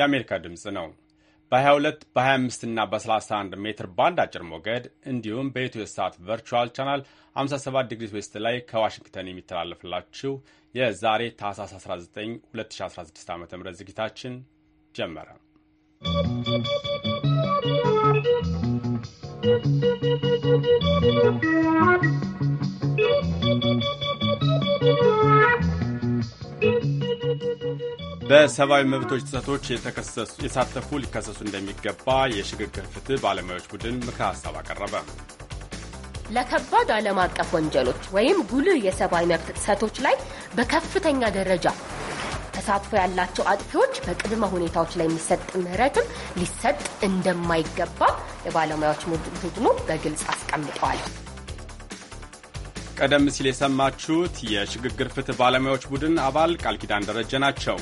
የአሜሪካ ድምፅ ነው። በ22 በ25 እና በ31 ሜትር ባንድ አጭር ሞገድ እንዲሁም በኢትዮ ሰዓት ቨርቹዋል ቻናል 57 ዲግሪ ዌስት ላይ ከዋሽንግተን የሚተላለፍላችሁ የዛሬ ታህሳስ 19 2016 ዓ ም ዝግጅታችን ጀመረ። ¶¶ በሰብአዊ መብቶች ጥሰቶች የተሳተፉ ሊከሰሱ እንደሚገባ የሽግግር ፍትህ ባለሙያዎች ቡድን ምክረ ሀሳብ አቀረበ። ለከባድ ዓለም አቀፍ ወንጀሎች ወይም ጉልህ የሰብአዊ መብት ጥሰቶች ላይ በከፍተኛ ደረጃ ተሳትፎ ያላቸው አጥፊዎች በቅድመ ሁኔታዎች ላይ የሚሰጥ ምህረትም ሊሰጥ እንደማይገባ የባለሙያዎች ቡድኑ በግልጽ አስቀምጠዋል። ቀደም ሲል የሰማችሁት የሽግግር ፍትህ ባለሙያዎች ቡድን አባል ቃል ኪዳን ደረጀ ናቸው።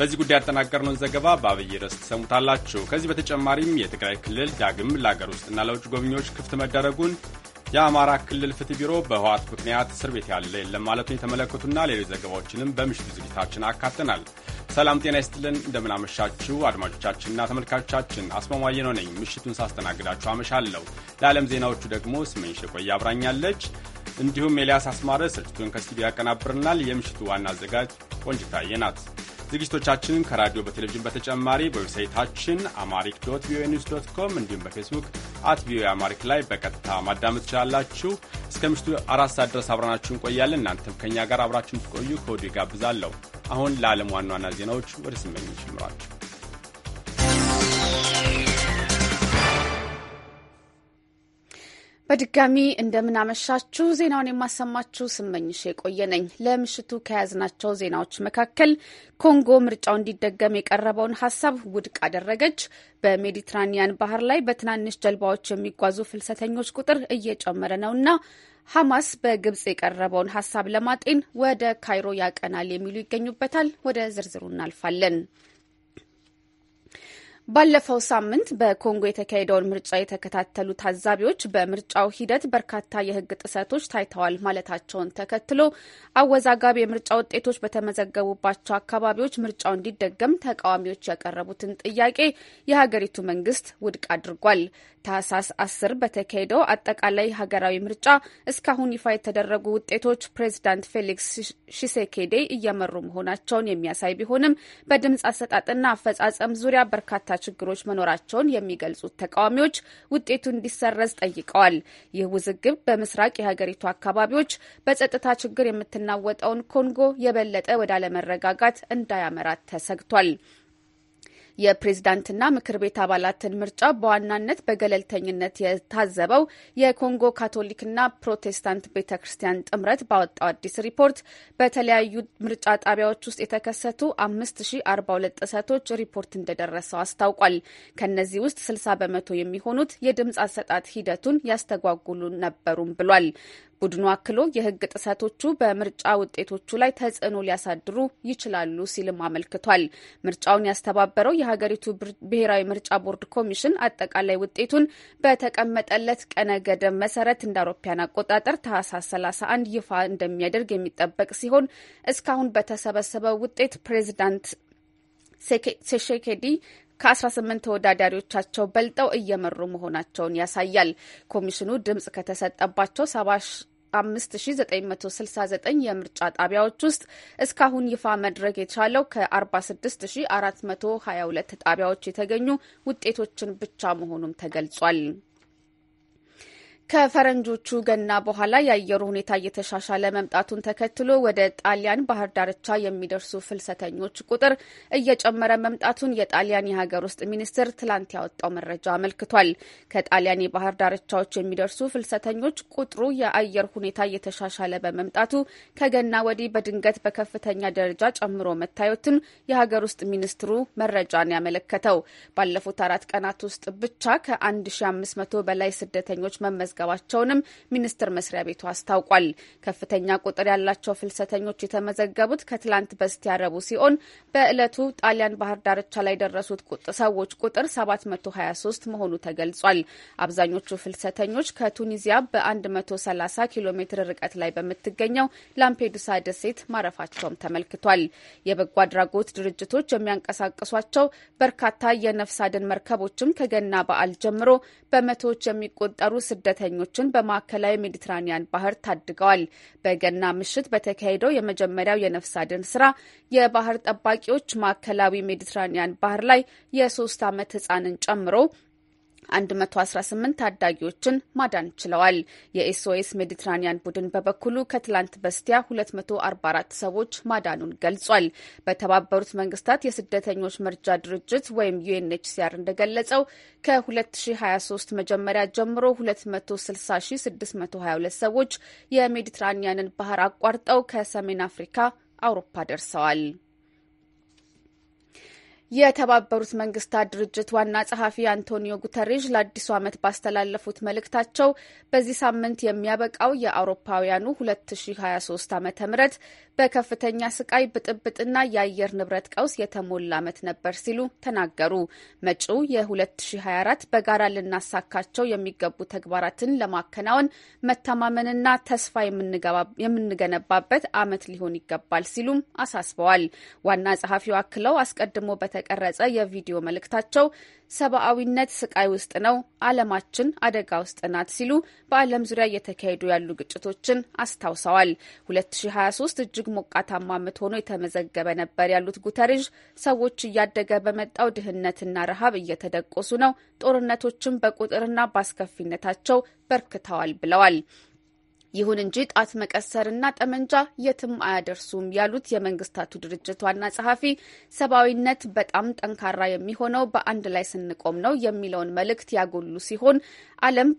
በዚህ ጉዳይ ያጠናቀርነውን ዘገባ በአብይ ርዕስ ትሰሙታላችሁ። ከዚህ በተጨማሪም የትግራይ ክልል ዳግም ለአገር ውስጥና ለውጭ ጎብኚዎች ክፍት መደረጉን የአማራ ክልል ፍትህ ቢሮ በህወሓት ምክንያት እስር ቤት ያለ የለም ማለቱን የተመለከቱና ሌሎች ዘገባዎችንም በምሽቱ ዝግጅታችን አካተናል። ሰላም ጤና ይስጥልን፣ እንደምናመሻችሁ አድማጮቻችንና ተመልካቾቻችን። አስማማየ ነው ነኝ። ምሽቱን ሳስተናግዳችሁ አመሻለሁ። ለዓለም ዜናዎቹ ደግሞ ስመኝሽ ቆየ አብራኛለች። እንዲሁም ኤልያስ አስማረ ስርጭቱን ከስቱዲዮ ያቀናብርናል። የምሽቱ ዋና አዘጋጅ ቆንጅታዬ ናት። ዝግጅቶቻችንን ከራዲዮ በቴሌቪዥን በተጨማሪ በዌብሳይታችን አማሪክ ዶት ቪኦኤ ኒውስ ዶት ኮም እንዲሁም በፌስቡክ አት ቪኦኤ አማሪክ ላይ በቀጥታ ማዳመጥ ትችላላችሁ። እስከ ምሽቱ አራት ሰዓት ድረስ አብረናችሁ እንቆያለን። እናንተም ከእኛ ጋር አብራችሁን ትቆዩ ከወዲሁ ጋብዛለሁ። አሁን ለዓለም ዋና ዋና ዜናዎች ወደ ስመኝ ይምራችሁ። በድጋሚ እንደምናመሻችሁ ዜናውን የማሰማችሁ ስመኝሽ የቆየ ነኝ። ለምሽቱ ከያዝናቸው ዜናዎች መካከል ኮንጎ ምርጫው እንዲደገም የቀረበውን ሀሳብ ውድቅ አደረገች፣ በሜዲትራኒያን ባህር ላይ በትናንሽ ጀልባዎች የሚጓዙ ፍልሰተኞች ቁጥር እየጨመረ ነውና ሐማስ በግብጽ የቀረበውን ሀሳብ ለማጤን ወደ ካይሮ ያቀናል የሚሉ ይገኙበታል። ወደ ዝርዝሩ እናልፋለን። ባለፈው ሳምንት በኮንጎ የተካሄደውን ምርጫ የተከታተሉ ታዛቢዎች በምርጫው ሂደት በርካታ የሕግ ጥሰቶች ታይተዋል ማለታቸውን ተከትሎ አወዛጋቢ የምርጫ ውጤቶች በተመዘገቡባቸው አካባቢዎች ምርጫው እንዲደገም ተቃዋሚዎች ያቀረቡትን ጥያቄ የሀገሪቱ መንግስት ውድቅ አድርጓል። ታህሳስ አስር በተካሄደው አጠቃላይ ሀገራዊ ምርጫ እስካሁን ይፋ የተደረጉ ውጤቶች ፕሬዚዳንት ፌሊክስ ሺሴኬዴ እየመሩ መሆናቸውን የሚያሳይ ቢሆንም በድምፅ አሰጣጥና አፈጻጸም ዙሪያ በርካታ ችግሮች መኖራቸውን የሚገልጹት ተቃዋሚዎች ውጤቱ እንዲሰረዝ ጠይቀዋል። ይህ ውዝግብ በምስራቅ የሀገሪቱ አካባቢዎች በጸጥታ ችግር የምትናወጠውን ኮንጎ የበለጠ ወደ አለመረጋጋት እንዳያመራት ተሰግቷል። የፕሬዝዳንትና ምክር ቤት አባላትን ምርጫ በዋናነት በገለልተኝነት የታዘበው የኮንጎ ካቶሊክና ፕሮቴስታንት ቤተ ክርስቲያን ጥምረት ባወጣው አዲስ ሪፖርት በተለያዩ ምርጫ ጣቢያዎች ውስጥ የተከሰቱ 5042 ጥሰቶች ሪፖርት እንደደረሰው አስታውቋል። ከነዚህ ውስጥ 60 በመቶ የሚሆኑት የድምፅ አሰጣት ሂደቱን ያስተጓጉሉ ነበሩም ብሏል። ቡድኑ አክሎ የህግ ጥሰቶቹ በምርጫ ውጤቶቹ ላይ ተጽዕኖ ሊያሳድሩ ይችላሉ ሲልም አመልክቷል። ምርጫውን ያስተባበረው የሀገሪቱ ብሔራዊ ምርጫ ቦርድ ኮሚሽን አጠቃላይ ውጤቱን በተቀመጠለት ቀነ ገደብ መሰረት እንደ አውሮፓውያን አቆጣጠር ታህሳስ 31 ይፋ እንደሚያደርግ የሚጠበቅ ሲሆን እስካሁን በተሰበሰበው ውጤት ፕሬዚዳንት ሴሼኬዲ ከ18 ተወዳዳሪዎቻቸው በልጠው እየመሩ መሆናቸውን ያሳያል። ኮሚሽኑ ድምጽ ከተሰጠባቸው 5969 የምርጫ ጣቢያዎች ውስጥ እስካሁን ይፋ መድረግ የቻለው ከ46422 ጣቢያዎች የተገኙ ውጤቶችን ብቻ መሆኑም ተገልጿል። ከፈረንጆቹ ገና በኋላ የአየሩ ሁኔታ እየተሻሻለ መምጣቱን ተከትሎ ወደ ጣሊያን ባህር ዳርቻ የሚደርሱ ፍልሰተኞች ቁጥር እየጨመረ መምጣቱን የጣሊያን የሀገር ውስጥ ሚኒስትር ትላንት ያወጣው መረጃ አመልክቷል። ከጣሊያን የባህር ዳርቻዎች የሚደርሱ ፍልሰተኞች ቁጥሩ የአየር ሁኔታ እየተሻሻለ በመምጣቱ ከገና ወዲህ በድንገት በከፍተኛ ደረጃ ጨምሮ መታየቱን የሀገር ውስጥ ሚኒስትሩ መረጃን ያመለከተው ባለፉት አራት ቀናት ውስጥ ብቻ ከ1500 በላይ ስደተኞች መመዝገ መመዝገባቸውንም ሚኒስቴር መስሪያ ቤቱ አስታውቋል። ከፍተኛ ቁጥር ያላቸው ፍልሰተኞች የተመዘገቡት ከትላንት በስቲያ ረቡዕ ሲሆን በዕለቱ ጣሊያን ባህር ዳርቻ ላይ የደረሱት ሰዎች ቁጥር 723 መሆኑ ተገልጿል። አብዛኞቹ ፍልሰተኞች ከቱኒዚያ በ130 ኪሎ ሜትር ርቀት ላይ በምትገኘው ላምፔዱሳ ደሴት ማረፋቸውም ተመልክቷል። የበጎ አድራጎት ድርጅቶች የሚያንቀሳቅሷቸው በርካታ የነፍስ አድን መርከቦችም ከገና በዓል ጀምሮ በመቶዎች የሚቆጠሩ ስደተኞች ስደተኞችን በማዕከላዊ ሜዲትራኒያን ባህር ታድገዋል። በገና ምሽት በተካሄደው የመጀመሪያው የነፍስ አድን ስራ የባህር ጠባቂዎች ማዕከላዊ ሜዲትራኒያን ባህር ላይ የሶስት ዓመት ህጻንን ጨምሮ 118 ታዳጊዎችን ማዳን ችለዋል። የኤስኦኤስ ሜዲትራኒያን ቡድን በበኩሉ ከትላንት በስቲያ 244 ሰዎች ማዳኑን ገልጿል። በተባበሩት መንግስታት የስደተኞች መርጃ ድርጅት ወይም ዩኤንኤችሲአር እንደገለጸው ከ2023 መጀመሪያ ጀምሮ 260622 ሰዎች የሜዲትራኒያንን ባህር አቋርጠው ከሰሜን አፍሪካ አውሮፓ ደርሰዋል። የተባበሩት መንግስታት ድርጅት ዋና ጸሐፊ አንቶኒዮ ጉተሬዥ ለአዲሱ ዓመት ባስተላለፉት መልእክታቸው በዚህ ሳምንት የሚያበቃው የአውሮፓውያኑ 2023 ዓ ም በከፍተኛ ስቃይ ብጥብጥና የአየር ንብረት ቀውስ የተሞላ ዓመት ነበር ሲሉ ተናገሩ። መጪው የ2024 በጋራ ልናሳካቸው የሚገቡ ተግባራትን ለማከናወን መተማመንና ተስፋ የምንገነባበት ዓመት ሊሆን ይገባል ሲሉም አሳስበዋል። ዋና ጸሐፊው አክለው አስቀድሞ በተ የተቀረጸ የቪዲዮ መልእክታቸው ሰብአዊነት ስቃይ ውስጥ ነው፣ አለማችን አደጋ ውስጥ ናት ሲሉ በዓለም ዙሪያ እየተካሄዱ ያሉ ግጭቶችን አስታውሰዋል። 2023 እጅግ ሞቃታማ ዓመት ሆኖ የተመዘገበ ነበር ያሉት ጉተሬዥ ሰዎች እያደገ በመጣው ድህነትና ረሃብ እየተደቆሱ ነው፣ ጦርነቶችን በቁጥርና በአስከፊነታቸው በርክተዋል ብለዋል። ይሁን እንጂ ጣት መቀሰርና ጠመንጃ የትም አያደርሱም ያሉት የመንግስታቱ ድርጅት ዋና ጸሐፊ ሰብአዊነት በጣም ጠንካራ የሚሆነው በአንድ ላይ ስንቆም ነው የሚለውን መልእክት ያጎሉ ሲሆን ዓለም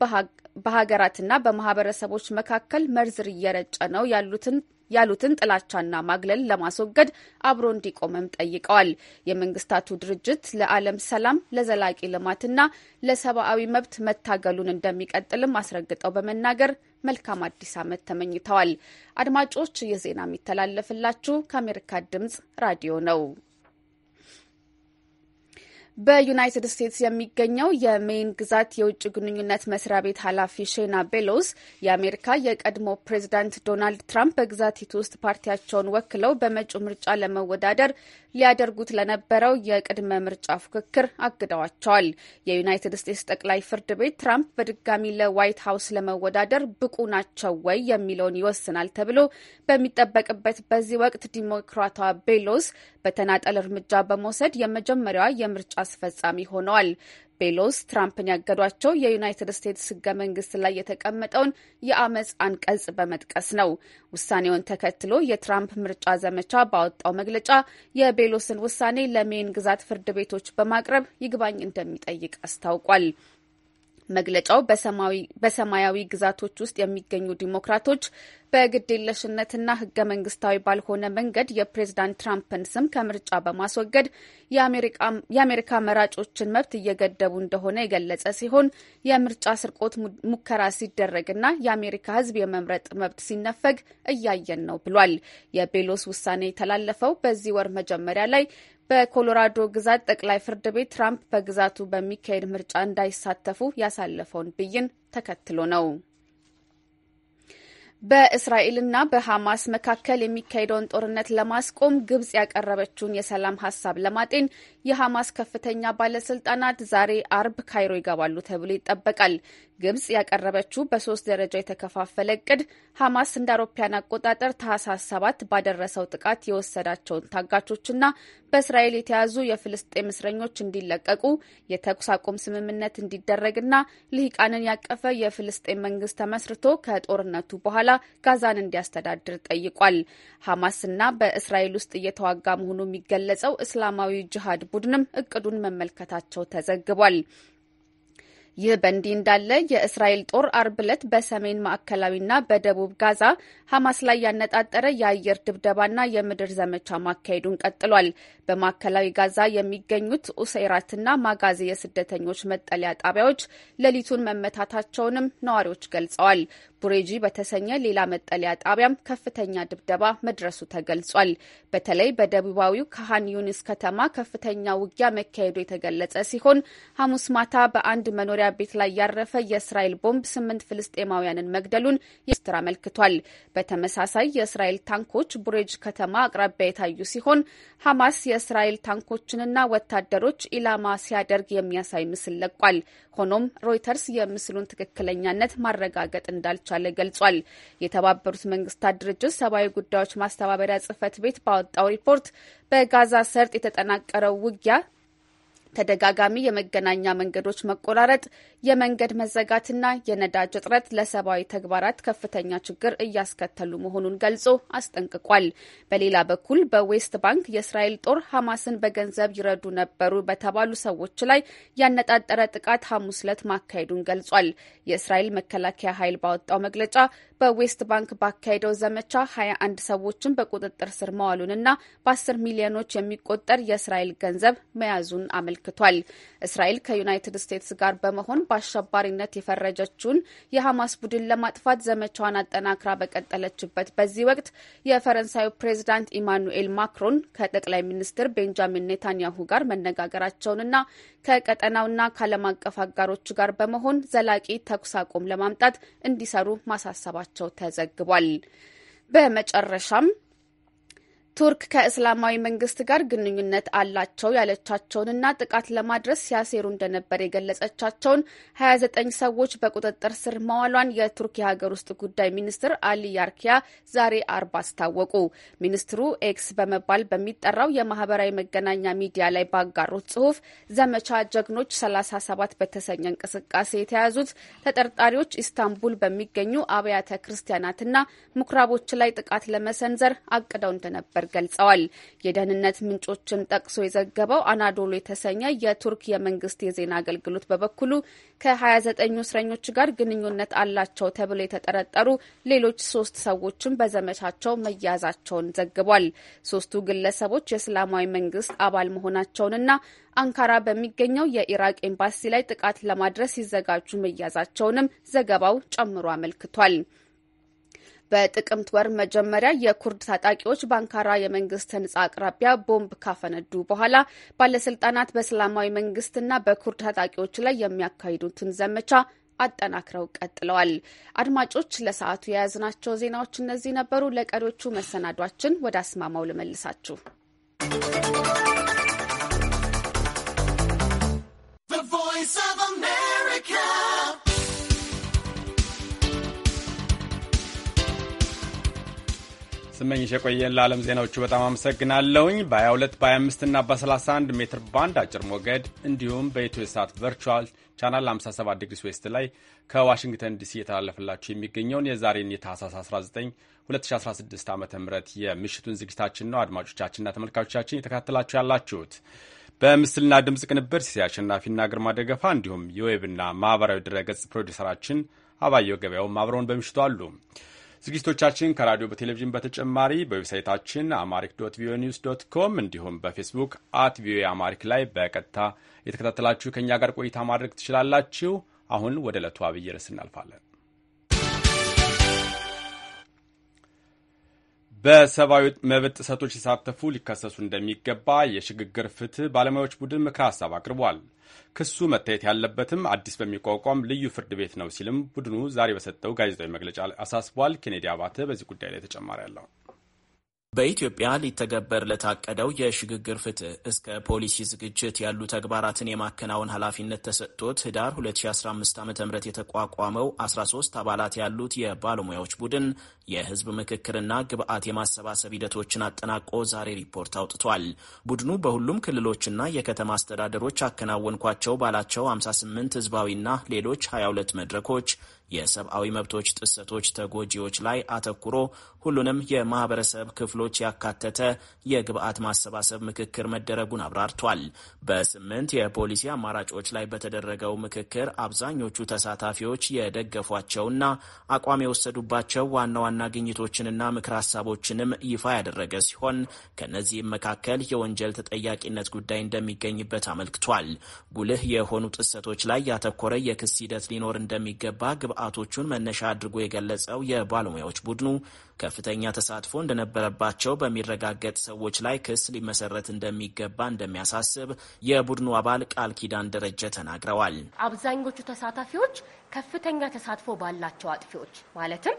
በሀገራትና በማህበረሰቦች መካከል መርዝር እየረጨ ነው ያሉትን ያሉትን ጥላቻና ማግለል ለማስወገድ አብሮ እንዲቆምም ጠይቀዋል። የመንግስታቱ ድርጅት ለዓለም ሰላም ለዘላቂ ልማትና ለሰብአዊ መብት መታገሉን እንደሚቀጥልም አስረግጠው በመናገር መልካም አዲስ ዓመት ተመኝተዋል። አድማጮች፣ የዜና የሚተላለፍላችሁ ከአሜሪካ ድምጽ ራዲዮ ነው። በዩናይትድ ስቴትስ የሚገኘው የሜይን ግዛት የውጭ ግንኙነት መስሪያ ቤት ኃላፊ ሼና ቤሎስ የአሜሪካ የቀድሞ ፕሬዚዳንት ዶናልድ ትራምፕ በግዛቲቱ ውስጥ ፓርቲያቸውን ወክለው በመጪው ምርጫ ለመወዳደር ሊያደርጉት ለነበረው የቅድመ ምርጫ ፉክክር አግደዋቸዋል። የዩናይትድ ስቴትስ ጠቅላይ ፍርድ ቤት ትራምፕ በድጋሚ ለዋይት ሀውስ ለመወዳደር ብቁ ናቸው ወይ የሚለውን ይወስናል ተብሎ በሚጠበቅበት በዚህ ወቅት ዲሞክራቷ ቤሎስ በተናጠል እርምጃ በመውሰድ የመጀመሪያዋ የምርጫ አስፈጻሚ ሆነዋል። ቤሎስ ትራምፕን ያገዷቸው የዩናይትድ ስቴትስ ህገ መንግስት ላይ የተቀመጠውን የአመፅ አንቀጽ በመጥቀስ ነው። ውሳኔውን ተከትሎ የትራምፕ ምርጫ ዘመቻ ባወጣው መግለጫ የቤሎስን ውሳኔ ለሜን ግዛት ፍርድ ቤቶች በማቅረብ ይግባኝ እንደሚጠይቅ አስታውቋል። መግለጫው በሰማያዊ ግዛቶች ውስጥ የሚገኙ ዲሞክራቶች በግዴለሽነትና ህገ መንግስታዊ ባልሆነ መንገድ የፕሬዝዳንት ትራምፕን ስም ከምርጫ በማስወገድ የአሜሪካ መራጮችን መብት እየገደቡ እንደሆነ የገለጸ ሲሆን የምርጫ ስርቆት ሙከራ ሲደረግና የአሜሪካ ሕዝብ የመምረጥ መብት ሲነፈግ እያየን ነው ብሏል። የቤሎስ ውሳኔ የተላለፈው በዚህ ወር መጀመሪያ ላይ በኮሎራዶ ግዛት ጠቅላይ ፍርድ ቤት ትራምፕ በግዛቱ በሚካሄድ ምርጫ እንዳይሳተፉ ያሳለፈውን ብይን ተከትሎ ነው። በእስራኤልና በሐማስ መካከል የሚካሄደውን ጦርነት ለማስቆም ግብጽ ያቀረበችውን የሰላም ሀሳብ ለማጤን የሐማስ ከፍተኛ ባለስልጣናት ዛሬ አርብ ካይሮ ይገባሉ ተብሎ ይጠበቃል። ግብጽ ያቀረበችው በሶስት ደረጃ የተከፋፈለ እቅድ ሐማስ እንደ አውሮፓያን አቆጣጠር ታህሳስ ሰባት ባደረሰው ጥቃት የወሰዳቸውን ታጋቾችና በእስራኤል የተያዙ የፍልስጤም እስረኞች እንዲለቀቁ የተኩስ አቁም ስምምነት እንዲደረግና ልሂቃንን ያቀፈ የፍልስጤም መንግስት ተመስርቶ ከጦርነቱ በኋላ ጋዛን እንዲያስተዳድር ጠይቋል። ሐማስና በእስራኤል ውስጥ እየተዋጋ መሆኑ የሚገለጸው እስላማዊ ጅሃድ ቡድንም እቅዱን መመልከታቸው ተዘግቧል። ይህ በእንዲህ እንዳለ የእስራኤል ጦር አርብ ዕለት በሰሜን ማዕከላዊና በደቡብ ጋዛ ሐማስ ላይ ያነጣጠረ የአየር ድብደባና የምድር ዘመቻ ማካሄዱን ቀጥሏል። በማዕከላዊ ጋዛ የሚገኙት ኡሴራትና ማጋዜ የስደተኞች መጠለያ ጣቢያዎች ሌሊቱን መመታታቸውንም ነዋሪዎች ገልጸዋል። ቡሬጂ በተሰኘ ሌላ መጠለያ ጣቢያም ከፍተኛ ድብደባ መድረሱ ተገልጿል። በተለይ በደቡባዊው ካሃን ዩኒስ ከተማ ከፍተኛ ውጊያ መካሄዱ የተገለጸ ሲሆን ሐሙስ ማታ በአንድ መኖሪያ ቤት ላይ ያረፈ የእስራኤል ቦምብ ስምንት ፍልስጤማውያንን መግደሉን ሚኒስትር አመልክቷል። በተመሳሳይ የእስራኤል ታንኮች ቡሬጅ ከተማ አቅራቢያ የታዩ ሲሆን ሐማስ የእስራኤል ታንኮችንና ወታደሮች ኢላማ ሲያደርግ የሚያሳይ ምስል ለቋል። ሆኖም ሮይተርስ የምስሉን ትክክለኛነት ማረጋገጥ እንዳል። እንዳልቻለ ገልጿል። የተባበሩት መንግስታት ድርጅት ሰብአዊ ጉዳዮች ማስተባበሪያ ጽህፈት ቤት ባወጣው ሪፖርት በጋዛ ሰርጥ የተጠናቀረው ውጊያ ተደጋጋሚ የመገናኛ መንገዶች መቆራረጥ፣ የመንገድ መዘጋትና የነዳጅ እጥረት ለሰብአዊ ተግባራት ከፍተኛ ችግር እያስከተሉ መሆኑን ገልጾ አስጠንቅቋል። በሌላ በኩል በዌስት ባንክ የእስራኤል ጦር ሐማስን በገንዘብ ይረዱ ነበሩ በተባሉ ሰዎች ላይ ያነጣጠረ ጥቃት ሐሙስ ዕለት ማካሄዱን ገልጿል። የእስራኤል መከላከያ ኃይል ባወጣው መግለጫ በዌስት ባንክ ባካሄደው ዘመቻ 21 ሰዎችን በቁጥጥር ስር መዋሉንና በ10 ሚሊዮኖች የሚቆጠር የእስራኤል ገንዘብ መያዙን አመልክቷል። እስራኤል ከዩናይትድ ስቴትስ ጋር በመሆን በአሸባሪነት የፈረጀችውን የሐማስ ቡድን ለማጥፋት ዘመቻዋን አጠናክራ በቀጠለችበት በዚህ ወቅት የፈረንሳዩ ፕሬዚዳንት ኢማኑኤል ማክሮን ከጠቅላይ ሚኒስትር ቤንጃሚን ኔታንያሁ ጋር መነጋገራቸውንና ከቀጠናውና ከዓለም አቀፍ አጋሮቹ ጋር በመሆን ዘላቂ ተኩስ አቁም ለማምጣት እንዲሰሩ ማሳሰባቸው መሆናቸው ተዘግቧል። በመጨረሻም ቱርክ ከእስላማዊ መንግስት ጋር ግንኙነት አላቸው ያለቻቸውንና ጥቃት ለማድረስ ሲያሴሩ እንደነበር የገለጸቻቸውን 29 ሰዎች በቁጥጥር ስር መዋሏን የቱርክ የሀገር ውስጥ ጉዳይ ሚኒስትር አሊ ያርኪያ ዛሬ አርብ አስታወቁ። ሚኒስትሩ ኤክስ በመባል በሚጠራው የማህበራዊ መገናኛ ሚዲያ ላይ ባጋሩት ጽሁፍ ዘመቻ ጀግኖች 37 በተሰኘ እንቅስቃሴ የተያዙት ተጠርጣሪዎች ኢስታንቡል በሚገኙ አብያተ ክርስቲያናትና ምኩራቦች ላይ ጥቃት ለመሰንዘር አቅደው እንደነበር እንደነበር ገልጸዋል። የደህንነት ምንጮችን ጠቅሶ የዘገበው አናዶሎ የተሰኘ የቱርክ የመንግስት የዜና አገልግሎት በበኩሉ ከ29ኙ እስረኞች ጋር ግንኙነት አላቸው ተብለው የተጠረጠሩ ሌሎች ሶስት ሰዎችም በዘመቻቸው መያዛቸውን ዘግቧል። ሶስቱ ግለሰቦች የእስላማዊ መንግስት አባል መሆናቸውንና አንካራ በሚገኘው የኢራቅ ኤምባሲ ላይ ጥቃት ለማድረስ ሲዘጋጁ መያዛቸውንም ዘገባው ጨምሮ አመልክቷል። በጥቅምት ወር መጀመሪያ የኩርድ ታጣቂዎች በአንካራ የመንግስት ህንጻ አቅራቢያ ቦምብ ካፈነዱ በኋላ ባለስልጣናት በእስላማዊ መንግስትና በኩርድ ታጣቂዎች ላይ የሚያካሂዱትን ዘመቻ አጠናክረው ቀጥለዋል። አድማጮች ለሰዓቱ የያዝናቸው ዜናዎች እነዚህ ነበሩ። ለቀሪዎቹ መሰናዷችን ወደ አስማማው ልመልሳችሁ። ስመኝሽ የቆየን ለዓለም ዜናዎቹ በጣም አመሰግናለውኝ በ በ22 በ25 እና በ31 ሜትር ባንድ አጭር ሞገድ እንዲሁም በኢትዮ ሳት ቨርቹዋል ቻናል 57 ዲግሪ ስዌስት ላይ ከዋሽንግተን ዲሲ የተላለፈላችሁ የሚገኘውን የዛሬን የታህሳስ 19 2016 ዓ ም የምሽቱን ዝግጅታችን ነው። አድማጮቻችንና ተመልካቾቻችን የተካተላችሁ ያላችሁት በምስልና ድምፅ ቅንብር ሲሳይ አሸናፊና ግርማ ደገፋ እንዲሁም የዌብና ማኅበራዊ ድረገጽ ፕሮዲሰራችን አባየው ገበያውም አብረውን በምሽቱ አሉ። ዝግጅቶቻችን ከራዲዮ በቴሌቪዥን በተጨማሪ በዌብሳይታችን አማሪክ ዶት ቪኦኤ ኒውስ ዶት ኮም እንዲሁም በፌስቡክ አት ቪኦኤ አማሪክ ላይ በቀጥታ የተከታተላችሁ ከእኛ ጋር ቆይታ ማድረግ ትችላላችሁ። አሁን ወደ ዕለቱ አብይ ርዕስ እናልፋለን። በሰብአዊ መብት ጥሰቶች ሲሳተፉ ሊከሰሱ እንደሚገባ የሽግግር ፍትህ ባለሙያዎች ቡድን ምክረ ሀሳብ አቅርቧል። ክሱ መታየት ያለበትም አዲስ በሚቋቋም ልዩ ፍርድ ቤት ነው ሲልም ቡድኑ ዛሬ በሰጠው ጋዜጣዊ መግለጫ አሳስቧል። ኬኔዲ አባተ በዚህ ጉዳይ ላይ ተጨማሪ ያለው በኢትዮጵያ ሊተገበር ለታቀደው የሽግግር ፍትህ እስከ ፖሊሲ ዝግጅት ያሉ ተግባራትን የማከናወን ኃላፊነት ተሰጥቶት ህዳር 2015 ዓ ም የተቋቋመው 13 አባላት ያሉት የባለሙያዎች ቡድን የህዝብ ምክክርና ግብአት የማሰባሰብ ሂደቶችን አጠናቆ ዛሬ ሪፖርት አውጥቷል። ቡድኑ በሁሉም ክልሎችና የከተማ አስተዳደሮች አከናወንኳቸው ባላቸው 58 ህዝባዊና ሌሎች 22 መድረኮች የሰብአዊ መብቶች ጥሰቶች ተጎጂዎች ላይ አተኩሮ ሁሉንም የማህበረሰብ ክፍሎች ያካተተ የግብአት ማሰባሰብ ምክክር መደረጉን አብራርቷል። በስምንት የፖሊሲ አማራጮች ላይ በተደረገው ምክክር አብዛኞቹ ተሳታፊዎች የደገፏቸውና አቋም የወሰዱባቸው ዋና ዋና ግኝቶችንና ምክር ሀሳቦችንም ይፋ ያደረገ ሲሆን ከእነዚህም መካከል የወንጀል ተጠያቂነት ጉዳይ እንደሚገኝበት አመልክቷል። ጉልህ የሆኑ ጥሰቶች ላይ ያተኮረ የክስ ሂደት ሊኖር እንደሚገባ ግብአቶቹን መነሻ አድርጎ የገለጸው የባለሙያዎች ቡድኑ ከፍተኛ ተሳትፎ እንደነበረባቸው በሚረጋገጥ ሰዎች ላይ ክስ ሊመሰረት እንደሚገባ እንደሚያሳስብ የቡድኑ አባል ቃል ኪዳን ደረጀ ተናግረዋል። አብዛኞቹ ተሳታፊዎች ከፍተኛ ተሳትፎ ባላቸው አጥፊዎች ማለትም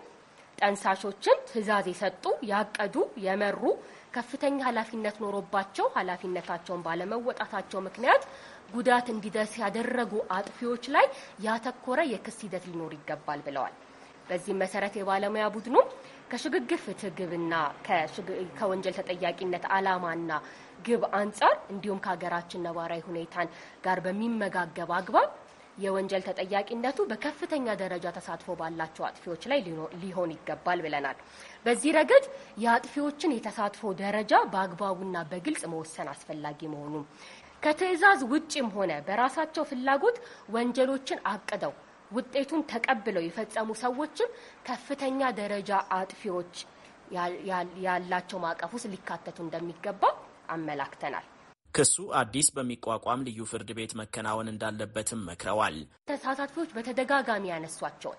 ጠንሳሾችን ትዕዛዝ የሰጡ፣ ያቀዱ፣ የመሩ ከፍተኛ ኃላፊነት ኖሮባቸው ኃላፊነታቸውን ባለመወጣታቸው ምክንያት ጉዳት እንዲደርስ ያደረጉ አጥፊዎች ላይ ያተኮረ የክስ ሂደት ሊኖር ይገባል ብለዋል። በዚህም መሰረት የባለሙያ ቡድኑ ከሽግግር ፍትህ ግብና ከወንጀል ተጠያቂነት አላማና ግብ አንጻር እንዲሁም ከሀገራችን ነባራዊ ሁኔታን ጋር በሚመጋገብ አግባብ የወንጀል ተጠያቂነቱ በከፍተኛ ደረጃ ተሳትፎ ባላቸው አጥፊዎች ላይ ሊሆን ይገባል ብለናል። በዚህ ረገድ የአጥፊዎችን የተሳትፎ ደረጃ በአግባቡና በግልጽ መወሰን አስፈላጊ መሆኑ ከትዕዛዝ ውጭም ሆነ በራሳቸው ፍላጎት ወንጀሎችን አቅደው ውጤቱን ተቀብለው የፈጸሙ ሰዎችም ከፍተኛ ደረጃ አጥፊዎች ያላቸው ማዕቀፍ ውስጥ ሊካተቱ እንደሚገባ አመላክተናል። ክሱ አዲስ በሚቋቋም ልዩ ፍርድ ቤት መከናወን እንዳለበትም መክረዋል። ተሳታፊዎች በተደጋጋሚ ያነሷቸውን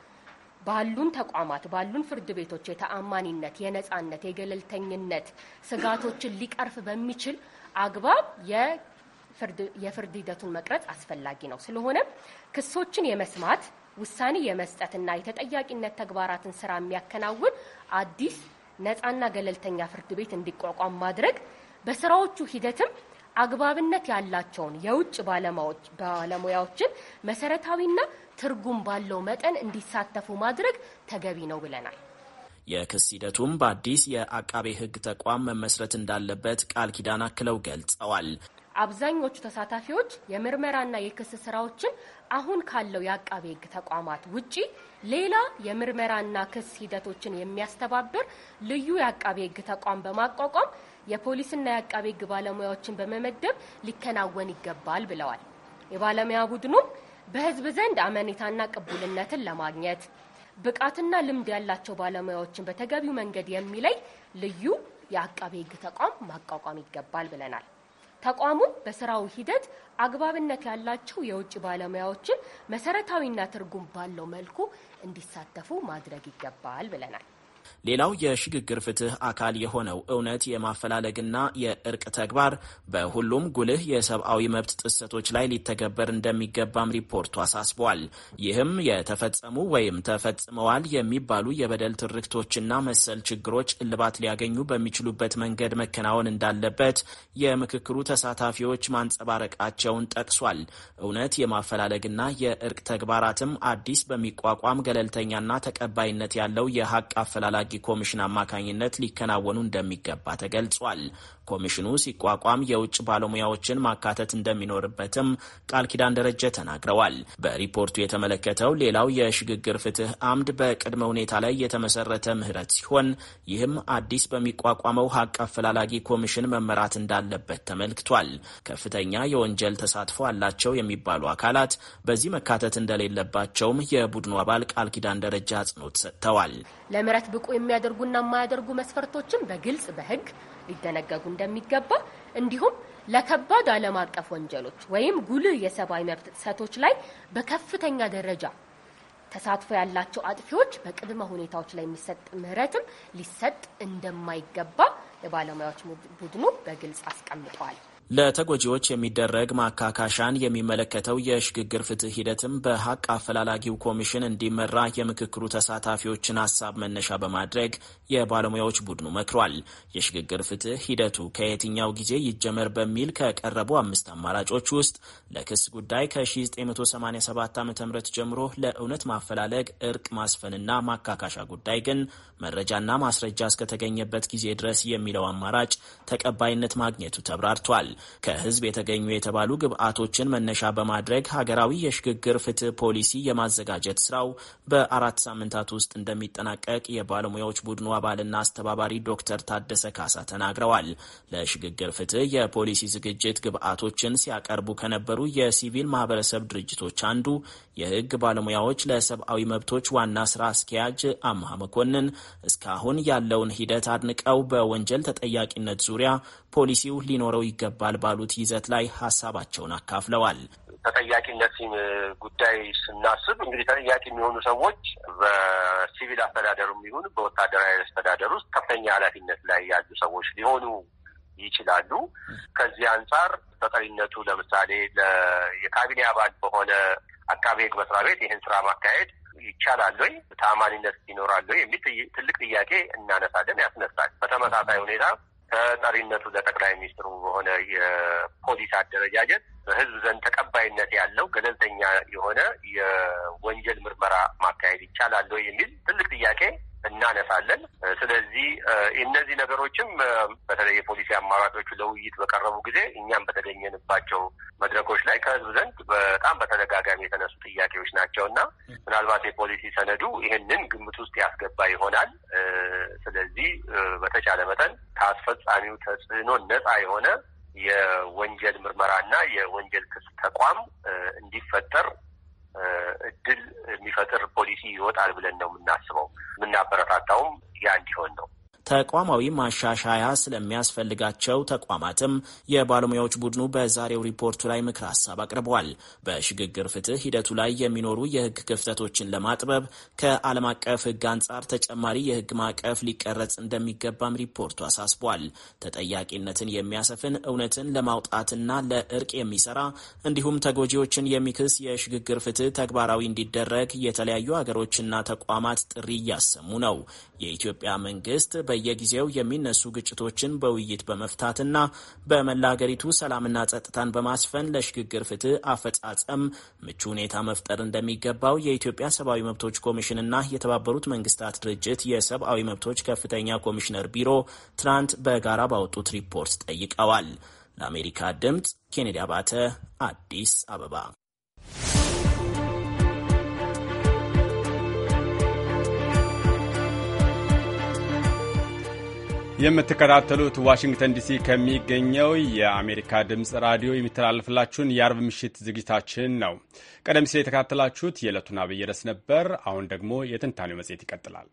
ባሉን ተቋማት ባሉን ፍርድ ቤቶች የተአማኒነት፣ የነጻነት፣ የገለልተኝነት ስጋቶችን ሊቀርፍ በሚችል አግባብ የፍርድ ሂደቱን መቅረጽ አስፈላጊ ነው። ስለሆነም ክሶችን የመስማት ውሳኔ የመስጠትና የተጠያቂነት ተግባራትን ስራ የሚያከናውን አዲስ ነፃና ገለልተኛ ፍርድ ቤት እንዲቋቋም ማድረግ በስራዎቹ ሂደትም አግባብነት ያላቸውን የውጭ ባለሙያዎች ባለሙያዎችን መሰረታዊና ትርጉም ባለው መጠን እንዲሳተፉ ማድረግ ተገቢ ነው ብለናል። የክስ ሂደቱም በአዲስ የአቃቤ ሕግ ተቋም መመስረት እንዳለበት ቃል ኪዳን አክለው ገልጸዋል። አብዛኞቹ ተሳታፊዎች የምርመራና የክስ ስራዎችን አሁን ካለው የአቃቤ ሕግ ተቋማት ውጪ ሌላ የምርመራና ክስ ሂደቶችን የሚያስተባብር ልዩ የአቃቤ ሕግ ተቋም በማቋቋም የፖሊስና የአቃቤ ሕግ ባለሙያዎችን በመመደብ ሊከናወን ይገባል ብለዋል። የባለሙያ ቡድኑም በህዝብ ዘንድ አመኔታና ቅቡልነትን ለማግኘት ብቃትና ልምድ ያላቸው ባለሙያዎችን በተገቢው መንገድ የሚለይ ልዩ የአቃቤ ሕግ ተቋም ማቋቋም ይገባል ብለናል። ተቋሙም በስራው ሂደት አግባብነት ያላቸው የውጭ ባለሙያዎችን መሰረታዊና ትርጉም ባለው መልኩ እንዲሳተፉ ማድረግ ይገባል ብለናል። ሌላው የሽግግር ፍትህ አካል የሆነው እውነት የማፈላለግና የእርቅ ተግባር በሁሉም ጉልህ የሰብአዊ መብት ጥሰቶች ላይ ሊተገበር እንደሚገባም ሪፖርቱ አሳስቧል። ይህም የተፈጸሙ ወይም ተፈጽመዋል የሚባሉ የበደል ትርክቶችና መሰል ችግሮች እልባት ሊያገኙ በሚችሉበት መንገድ መከናወን እንዳለበት የምክክሩ ተሳታፊዎች ማንጸባረቃቸውን ጠቅሷል። እውነት የማፈላለግና የእርቅ ተግባራትም አዲስ በሚቋቋም ገለልተኛና ተቀባይነት ያለው የሀቅ አፈላላ አስጠራጊ ኮሚሽን አማካኝነት ሊከናወኑ እንደሚገባ ተገልጿል። ኮሚሽኑ ሲቋቋም የውጭ ባለሙያዎችን ማካተት እንደሚኖርበትም ቃል ኪዳን ደረጀ ተናግረዋል። በሪፖርቱ የተመለከተው ሌላው የሽግግር ፍትህ አምድ በቅድመ ሁኔታ ላይ የተመሰረተ ምህረት ሲሆን ይህም አዲስ በሚቋቋመው ሀቅ አፈላላጊ ኮሚሽን መመራት እንዳለበት ተመልክቷል። ከፍተኛ የወንጀል ተሳትፎ አላቸው የሚባሉ አካላት በዚህ መካተት እንደሌለባቸውም የቡድኑ አባል ቃል ኪዳን ደረጃ አጽንኦት ሰጥተዋል። ለምህረት ብቁ የሚያደርጉና የማያደርጉ መስፈርቶችን በግልጽ በህግ ሊደነገጉ እንደሚገባ እንዲሁም ለከባድ ዓለም አቀፍ ወንጀሎች ወይም ጉልህ የሰብአዊ መብት ጥሰቶች ላይ በከፍተኛ ደረጃ ተሳትፎ ያላቸው አጥፊዎች በቅድመ ሁኔታዎች ላይ የሚሰጥ ምህረትም ሊሰጥ እንደማይገባ የባለሙያዎች ቡድኑ በግልጽ አስቀምጠዋል። ለተጎጂዎች የሚደረግ ማካካሻን የሚመለከተው የሽግግር ፍትህ ሂደትም በሀቅ አፈላላጊው ኮሚሽን እንዲመራ የምክክሩ ተሳታፊዎችን ሀሳብ መነሻ በማድረግ የባለሙያዎች ቡድኑ መክሯል። የሽግግር ፍትህ ሂደቱ ከየትኛው ጊዜ ይጀመር በሚል ከቀረቡ አምስት አማራጮች ውስጥ ለክስ ጉዳይ ከ1987 ዓ ም ጀምሮ ለእውነት ማፈላለግ፣ እርቅ ማስፈንና ማካካሻ ጉዳይ ግን መረጃና ማስረጃ እስከተገኘበት ጊዜ ድረስ የሚለው አማራጭ ተቀባይነት ማግኘቱ ተብራርቷል። ከህዝብ የተገኙ የተባሉ ግብዓቶችን መነሻ በማድረግ ሀገራዊ የሽግግር ፍትህ ፖሊሲ የማዘጋጀት ስራው በአራት ሳምንታት ውስጥ እንደሚጠናቀቅ የባለሙያዎች ቡድኑ አባልና አስተባባሪ ዶክተር ታደሰ ካሳ ተናግረዋል። ለሽግግር ፍትህ የፖሊሲ ዝግጅት ግብዓቶችን ሲያቀርቡ ከነበሩ የሲቪል ማህበረሰብ ድርጅቶች አንዱ የህግ ባለሙያዎች ለሰብአዊ መብቶች ዋና ስራ አስኪያጅ አምሃ መኮንን እስካሁን ያለውን ሂደት አድንቀው በወንጀል ተጠያቂነት ዙሪያ ፖሊሲው ሊኖረው ይገባል ባሉት ይዘት ላይ ሀሳባቸውን አካፍለዋል። ተጠያቂነት ጉዳይ ስናስብ እንግዲህ ተጠያቂ የሚሆኑ ሰዎች በሲቪል አስተዳደሩም ይሁን በወታደራዊ አስተዳደር ውስጥ ከፍተኛ ኃላፊነት ላይ ያሉ ሰዎች ሊሆኑ ይችላሉ። ከዚህ አንጻር ተጠሪነቱ ለምሳሌ የካቢኔ አባል በሆነ አቃቤ ሕግ መስሪያ ቤት ይህን ስራ ማካሄድ ይቻላል ወይ? ተአማኒነት ይኖራል ወይ? የሚል ትልቅ ጥያቄ እናነሳለን፣ ያስነሳል። በተመሳሳይ ሁኔታ ተጠሪነቱ ለጠቅላይ ሚኒስትሩ በሆነ የፖሊስ አደረጃጀት በህዝብ ዘንድ ተቀባይነት ያለው ገለልተኛ የሆነ የወንጀል ምርመራ ማካሄድ ይቻላል የሚል ትልቅ ጥያቄ እናነሳለን። ስለዚህ እነዚህ ነገሮችም በተለይ የፖሊሲ አማራጮቹ ለውይይት በቀረቡ ጊዜ እኛም በተገኘንባቸው መድረኮች ላይ ከህዝብ ዘንድ በጣም በተደጋጋሚ የተነሱ ጥያቄዎች ናቸው እና ምናልባት የፖሊሲ ሰነዱ ይህንን ግምት ውስጥ ያስገባ ይሆናል። ስለዚህ በተቻለ መጠን ከአስፈጻሚው ተጽዕኖ ነጻ የሆነ የወንጀል ምርመራና የወንጀል ክስ ተቋም እንዲፈጠር እድል የሚፈጥር ፖሊሲ ይወጣል ብለን ነው የምናስበው። የምናበረታታውም ያ እንዲሆን ነው። ተቋማዊ ማሻሻያ ስለሚያስፈልጋቸው ተቋማትም የባለሙያዎች ቡድኑ በዛሬው ሪፖርቱ ላይ ምክር ሀሳብ አቅርበዋል። በሽግግር ፍትህ ሂደቱ ላይ የሚኖሩ የህግ ክፍተቶችን ለማጥበብ ከዓለም አቀፍ ህግ አንጻር ተጨማሪ የህግ ማዕቀፍ ሊቀረጽ እንደሚገባም ሪፖርቱ አሳስቧል። ተጠያቂነትን የሚያሰፍን እውነትን ለማውጣትና ለእርቅ የሚሰራ እንዲሁም ተጎጂዎችን የሚክስ የሽግግር ፍትህ ተግባራዊ እንዲደረግ የተለያዩ ሀገሮችና ተቋማት ጥሪ እያሰሙ ነው። የኢትዮጵያ መንግስት በየጊዜው የሚነሱ ግጭቶችን በውይይት በመፍታትና በመላ አገሪቱ ሰላምና ጸጥታን በማስፈን ለሽግግር ፍትህ አፈጻጸም ምቹ ሁኔታ መፍጠር እንደሚገባው የኢትዮጵያ ሰብአዊ መብቶች ኮሚሽንና የተባበሩት መንግስታት ድርጅት የሰብአዊ መብቶች ከፍተኛ ኮሚሽነር ቢሮ ትናንት በጋራ ባወጡት ሪፖርት ጠይቀዋል። ለአሜሪካ ድምፅ ኬኔዲ አባተ አዲስ አበባ የምትከታተሉት ዋሽንግተን ዲሲ ከሚገኘው የአሜሪካ ድምፅ ራዲዮ የሚተላለፍላችሁን የአርብ ምሽት ዝግጅታችን ነው። ቀደም ሲል የተከታተላችሁት የዕለቱን አብይ ርዕስ ነበር። አሁን ደግሞ የትንታኔው መጽሔት ይቀጥላል።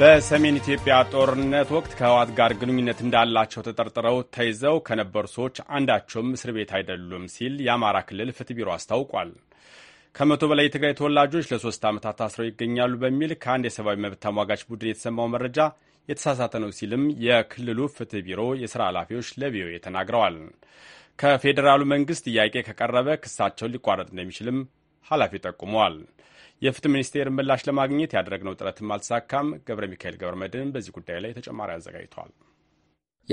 በሰሜን ኢትዮጵያ ጦርነት ወቅት ከህወሓት ጋር ግንኙነት እንዳላቸው ተጠርጥረው ተይዘው ከነበሩ ሰዎች አንዳቸውም እስር ቤት አይደሉም ሲል የአማራ ክልል ፍትህ ቢሮ አስታውቋል። ከመቶ በላይ የትግራይ ተወላጆች ለሶስት ዓመታት ታስረው ይገኛሉ በሚል ከአንድ የሰብአዊ መብት ተሟጋች ቡድን የተሰማው መረጃ የተሳሳተ ነው ሲልም የክልሉ ፍትህ ቢሮ የሥራ ኃላፊዎች ለቪኦኤ ተናግረዋል። ከፌዴራሉ መንግሥት ጥያቄ ከቀረበ ክሳቸውን ሊቋረጥ እንደሚችልም ኃላፊው ጠቁመዋል። የፍትህ ሚኒስቴር ምላሽ ለማግኘት ያደረግነው ጥረትም አልተሳካም። ገብረ ሚካኤል ገብረ መድህን በዚህ ጉዳይ ላይ ተጨማሪ አዘጋጅቷል።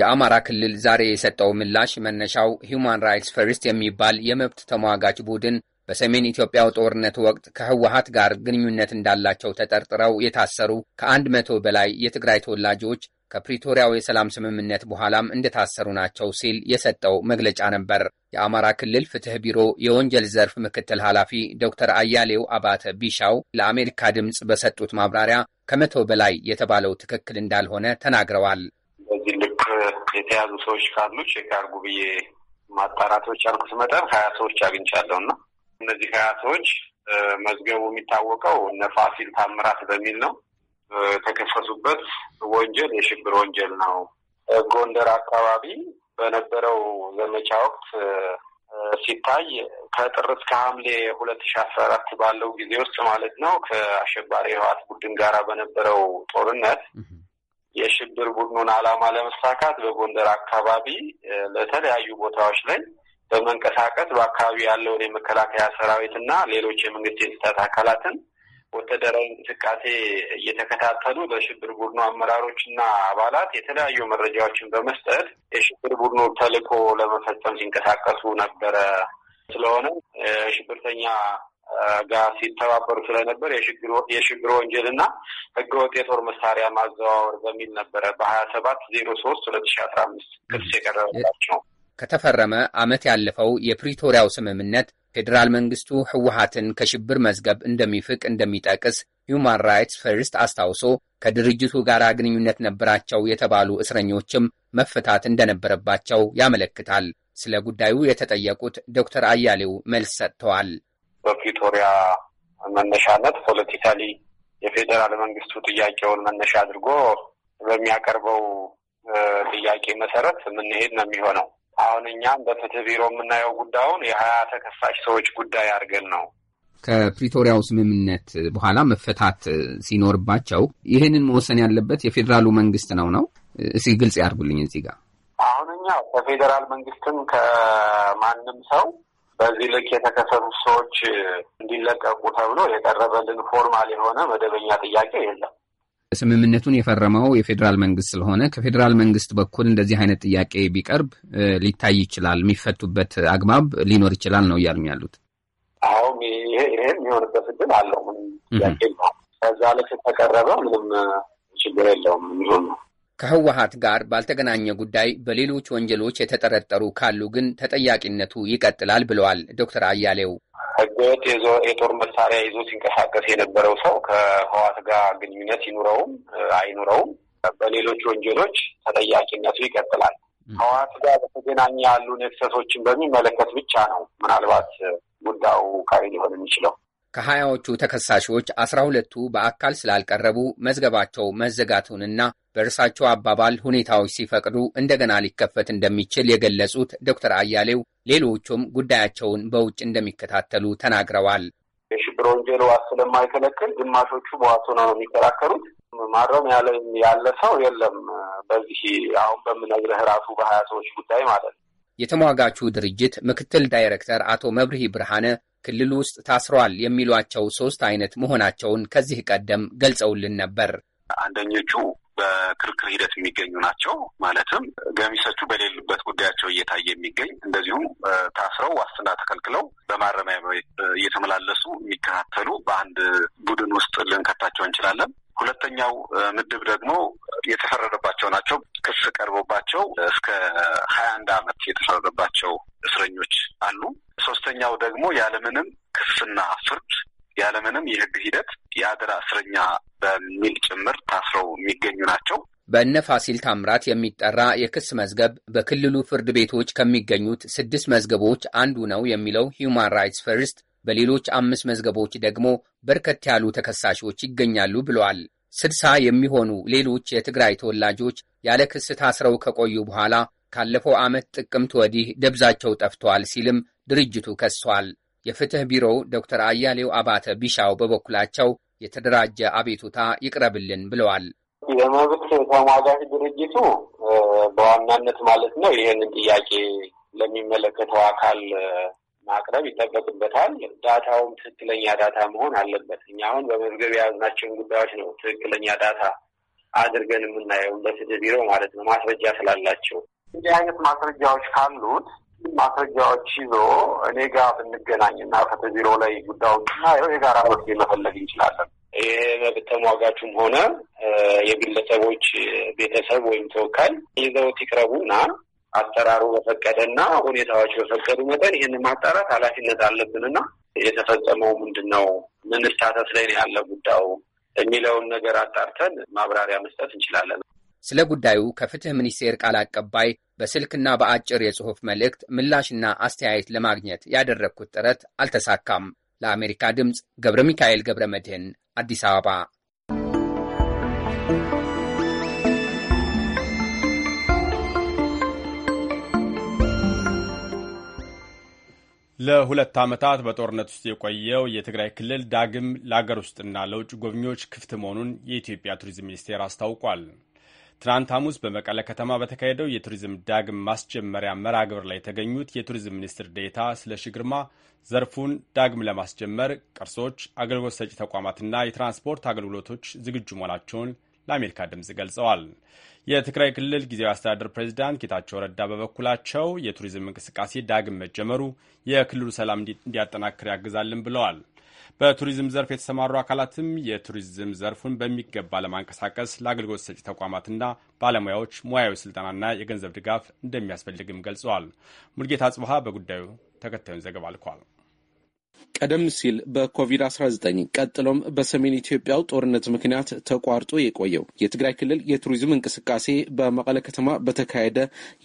የአማራ ክልል ዛሬ የሰጠው ምላሽ መነሻው ሂውማን ራይትስ ፈርስት የሚባል የመብት ተሟጋች ቡድን በሰሜን ኢትዮጵያው ጦርነት ወቅት ከህወሀት ጋር ግንኙነት እንዳላቸው ተጠርጥረው የታሰሩ ከአንድ መቶ በላይ የትግራይ ተወላጆች ከፕሪቶሪያው የሰላም ስምምነት በኋላም እንደታሰሩ ናቸው ሲል የሰጠው መግለጫ ነበር። የአማራ ክልል ፍትህ ቢሮ የወንጀል ዘርፍ ምክትል ኃላፊ ዶክተር አያሌው አባተ ቢሻው ለአሜሪካ ድምፅ በሰጡት ማብራሪያ ከመቶ በላይ የተባለው ትክክል እንዳልሆነ ተናግረዋል። በዚህ ልክ የተያዙ ሰዎች ካሉ ቼክ አድርጉ ብዬ ማጣራቶች በቻልኩት መጠን ሀያ ሰዎች አግኝቻለሁ እና እነዚህ ሀያ ሰዎች መዝገቡ የሚታወቀው እነ ፋሲል ታምራት በሚል ነው። የተከሰሱበት ወንጀል የሽብር ወንጀል ነው። ጎንደር አካባቢ በነበረው ዘመቻ ወቅት ሲታይ ከጥር እስከ ሐምሌ ሁለት ሺ አስራ አራት ባለው ጊዜ ውስጥ ማለት ነው ከአሸባሪ ህወሓት ቡድን ጋር በነበረው ጦርነት የሽብር ቡድኑን ዓላማ ለመሳካት በጎንደር አካባቢ ለተለያዩ ቦታዎች ላይ በመንቀሳቀስ በአካባቢ ያለውን የመከላከያ ሰራዊት እና ሌሎች የመንግስት የጸጥታ አካላትን ወታደራዊ እንቅስቃሴ እየተከታተሉ ለሽብር ቡድኑ አመራሮች እና አባላት የተለያዩ መረጃዎችን በመስጠት የሽብር ቡድኑ ተልዕኮ ለመፈጸም ሲንቀሳቀሱ ነበረ። ስለሆነ ሽብርተኛ ጋር ሲተባበሩ ስለነበር የሽብር ወንጀል እና ህገወጥ የጦር መሳሪያ ማዘዋወር በሚል ነበረ በሀያ ሰባት ዜሮ ሶስት ሁለት ሺ አስራ አምስት ክስ የቀረበላቸው ከተፈረመ ዓመት ያለፈው የፕሪቶሪያው ስምምነት ፌዴራል መንግስቱ ህወሀትን ከሽብር መዝገብ እንደሚፍቅ እንደሚጠቅስ ሁማን ራይትስ ፈርስት አስታውሶ ከድርጅቱ ጋር ግንኙነት ነበራቸው የተባሉ እስረኞችም መፈታት እንደነበረባቸው ያመለክታል። ስለ ጉዳዩ የተጠየቁት ዶክተር አያሌው መልስ ሰጥተዋል። በፕሪቶሪያ መነሻነት ፖለቲካሊ የፌዴራል መንግስቱ ጥያቄውን መነሻ አድርጎ በሚያቀርበው ጥያቄ መሰረት የምንሄድ ነው የሚሆነው አሁን እኛም በፍትህ ቢሮ የምናየው ጉዳዩን የሀያ ተከሳሽ ሰዎች ጉዳይ አድርገን ነው። ከፕሪቶሪያው ስምምነት በኋላ መፈታት ሲኖርባቸው ይህንን መወሰን ያለበት የፌዴራሉ መንግስት ነው ነው እስኪ ግልጽ ያድርጉልኝ እዚህ ጋር። አሁን እኛ ከፌዴራል መንግስትም ከማንም ሰው በዚህ ልክ የተከሰሱ ሰዎች እንዲለቀቁ ተብሎ የቀረበልን ፎርማል የሆነ መደበኛ ጥያቄ የለም። ስምምነቱን የፈረመው የፌዴራል መንግስት ስለሆነ ከፌዴራል መንግስት በኩል እንደዚህ አይነት ጥያቄ ቢቀርብ ሊታይ ይችላል፣ የሚፈቱበት አግባብ ሊኖር ይችላል ነው እያሉ ያሉት። አሁን ይሄ የሚሆንበት እድል አለው። ምንም ጥያቄ ከዛ ልክ ተቀረበ ምንም ችግር የለውም የሚሆን ነው። ከህወሀት ጋር ባልተገናኘ ጉዳይ በሌሎች ወንጀሎች የተጠረጠሩ ካሉ ግን ተጠያቂነቱ ይቀጥላል ብለዋል ዶክተር አያሌው። ህገወጥ የጦር መሳሪያ ይዞ ሲንቀሳቀስ የነበረው ሰው ከህዋት ጋር ግንኙነት ይኑረውም አይኑረውም በሌሎች ወንጀሎች ተጠያቂነቱ ይቀጥላል። ህዋት ጋር በተገናኘ ያሉ ንክሰቶችን በሚመለከት ብቻ ነው ምናልባት ጉዳዩ ካሪ ሊሆን የሚችለው። ከሀያዎቹ ተከሳሾች አስራ ሁለቱ በአካል ስላልቀረቡ መዝገባቸው መዘጋቱንና በእርሳቸው አባባል ሁኔታዎች ሲፈቅዱ እንደገና ሊከፈት እንደሚችል የገለጹት ዶክተር አያሌው ሌሎቹም ጉዳያቸውን በውጭ እንደሚከታተሉ ተናግረዋል። የሽብር ወንጀል ዋስ ስለማይከለክል ግማሾቹ በዋስ ሆነው ነው የሚከራከሩት። ማረም ላይ ያለ ሰው የለም። በዚህ አሁን በምነግርህ ራሱ በሀያ ሰዎች ጉዳይ ማለት ነው። የተሟጋቹ ድርጅት ምክትል ዳይሬክተር አቶ መብርሂ ብርሃነ ክልል ውስጥ ታስሯል የሚሏቸው ሶስት አይነት መሆናቸውን ከዚህ ቀደም ገልጸውልን ነበር። አንደኞቹ በክርክር ሂደት የሚገኙ ናቸው። ማለትም ገሚሰቹ በሌሉበት ጉዳያቸው እየታየ የሚገኝ እንደዚሁም ታስረው ዋስትና ተከልክለው በማረሚያ ቤት እየተመላለሱ የሚከታተሉ በአንድ ቡድን ውስጥ ልንከታቸው እንችላለን። ሁለተኛው ምድብ ደግሞ የተፈረደባቸው ናቸው። ክስ ቀርቦባቸው እስከ ሀያ አንድ አመት የተፈረደባቸው እስረኞች አሉ። ሶስተኛው ደግሞ ያለምንም ክስና ፍርድ ያለምንም የህግ ሂደት የአደራ እስረኛ በሚል ጭምር ታስረው የሚገኙ ናቸው። በእነ ፋሲል ታምራት የሚጠራ የክስ መዝገብ በክልሉ ፍርድ ቤቶች ከሚገኙት ስድስት መዝገቦች አንዱ ነው የሚለው ሂዩማን ራይትስ ፈርስት በሌሎች አምስት መዝገቦች ደግሞ በርከት ያሉ ተከሳሾች ይገኛሉ ብለዋል። ስድሳ የሚሆኑ ሌሎች የትግራይ ተወላጆች ያለ ክስ ታስረው ከቆዩ በኋላ ካለፈው ዓመት ጥቅምት ወዲህ ደብዛቸው ጠፍቷል ሲልም ድርጅቱ ከሷል። የፍትህ ቢሮው ዶክተር አያሌው አባተ ቢሻው በበኩላቸው የተደራጀ አቤቱታ ይቅረብልን ብለዋል። የመብት ተሟጋች ድርጅቱ በዋናነት ማለት ነው ይህንን ጥያቄ ለሚመለከተው አካል ማቅረብ ይጠበቅበታል። ዳታውም ትክክለኛ ዳታ መሆን አለበት። እኛ አሁን በመዝገብ የያዝናቸውን ጉዳዮች ነው ትክክለኛ ዳታ አድርገን የምናየው፣ ለፍትህ ቢሮ ማለት ነው ማስረጃ ስላላቸው። እንዲህ አይነት ማስረጃዎች ካሉት ማስረጃዎች ይዞ እኔ ጋር ብንገናኝ እና ፍትህ ቢሮ ላይ ጉዳዩን ስናየው የጋራ መፍትሄ መፈለግ እንችላለን። ይህ መብት ተሟጋቹም ሆነ የግለሰቦች ቤተሰብ ወይም ተወካይ ይዘውት ይቅረቡና አሰራሩ በፈቀደና ሁኔታዎች በፈቀዱ መጠን ይህን ማጣራት ኃላፊነት አለብንና የተፈጸመው ምንድን ነው፣ ምን ስታተስ ላይ ያለ ጉዳዩ የሚለውን ነገር አጣርተን ማብራሪያ መስጠት እንችላለን። ስለ ጉዳዩ ከፍትህ ሚኒስቴር ቃል አቀባይ በስልክና በአጭር የጽሑፍ መልእክት ምላሽና አስተያየት ለማግኘት ያደረግኩት ጥረት አልተሳካም። ለአሜሪካ ድምፅ ገብረ ሚካኤል ገብረ መድህን አዲስ አበባ። ለሁለት ዓመታት በጦርነት ውስጥ የቆየው የትግራይ ክልል ዳግም ለአገር ውስጥና ለውጭ ጎብኚዎች ክፍት መሆኑን የኢትዮጵያ ቱሪዝም ሚኒስቴር አስታውቋል። ትናንት ሐሙስ በመቀለ ከተማ በተካሄደው የቱሪዝም ዳግም ማስጀመሪያ መርሃ ግብር ላይ የተገኙት የቱሪዝም ሚኒስትር ዴታ ስለሺ ግርማ ዘርፉን ዳግም ለማስጀመር ቅርሶች፣ አገልግሎት ሰጪ ተቋማትና የትራንስፖርት አገልግሎቶች ዝግጁ መሆናቸውን ለአሜሪካ ድምፅ ገልጸዋል። የትግራይ ክልል ጊዜያዊ አስተዳደር ፕሬዚዳንት ጌታቸው ረዳ በበኩላቸው የቱሪዝም እንቅስቃሴ ዳግም መጀመሩ የክልሉ ሰላም እንዲያጠናክር ያግዛልን ብለዋል። በቱሪዝም ዘርፍ የተሰማሩ አካላትም የቱሪዝም ዘርፉን በሚገባ ለማንቀሳቀስ ለአገልግሎት ሰጪ ተቋማትና ባለሙያዎች ሙያዊ ስልጠናና የገንዘብ ድጋፍ እንደሚያስፈልግም ገልጸዋል። ሙልጌታ ጽብሃ በጉዳዩ ተከታዩን ዘገባ አልኳል። ቀደም ሲል በኮቪድ-19 ቀጥሎም በሰሜን ኢትዮጵያው ጦርነት ምክንያት ተቋርጦ የቆየው የትግራይ ክልል የቱሪዝም እንቅስቃሴ በመቀለ ከተማ በተካሄደ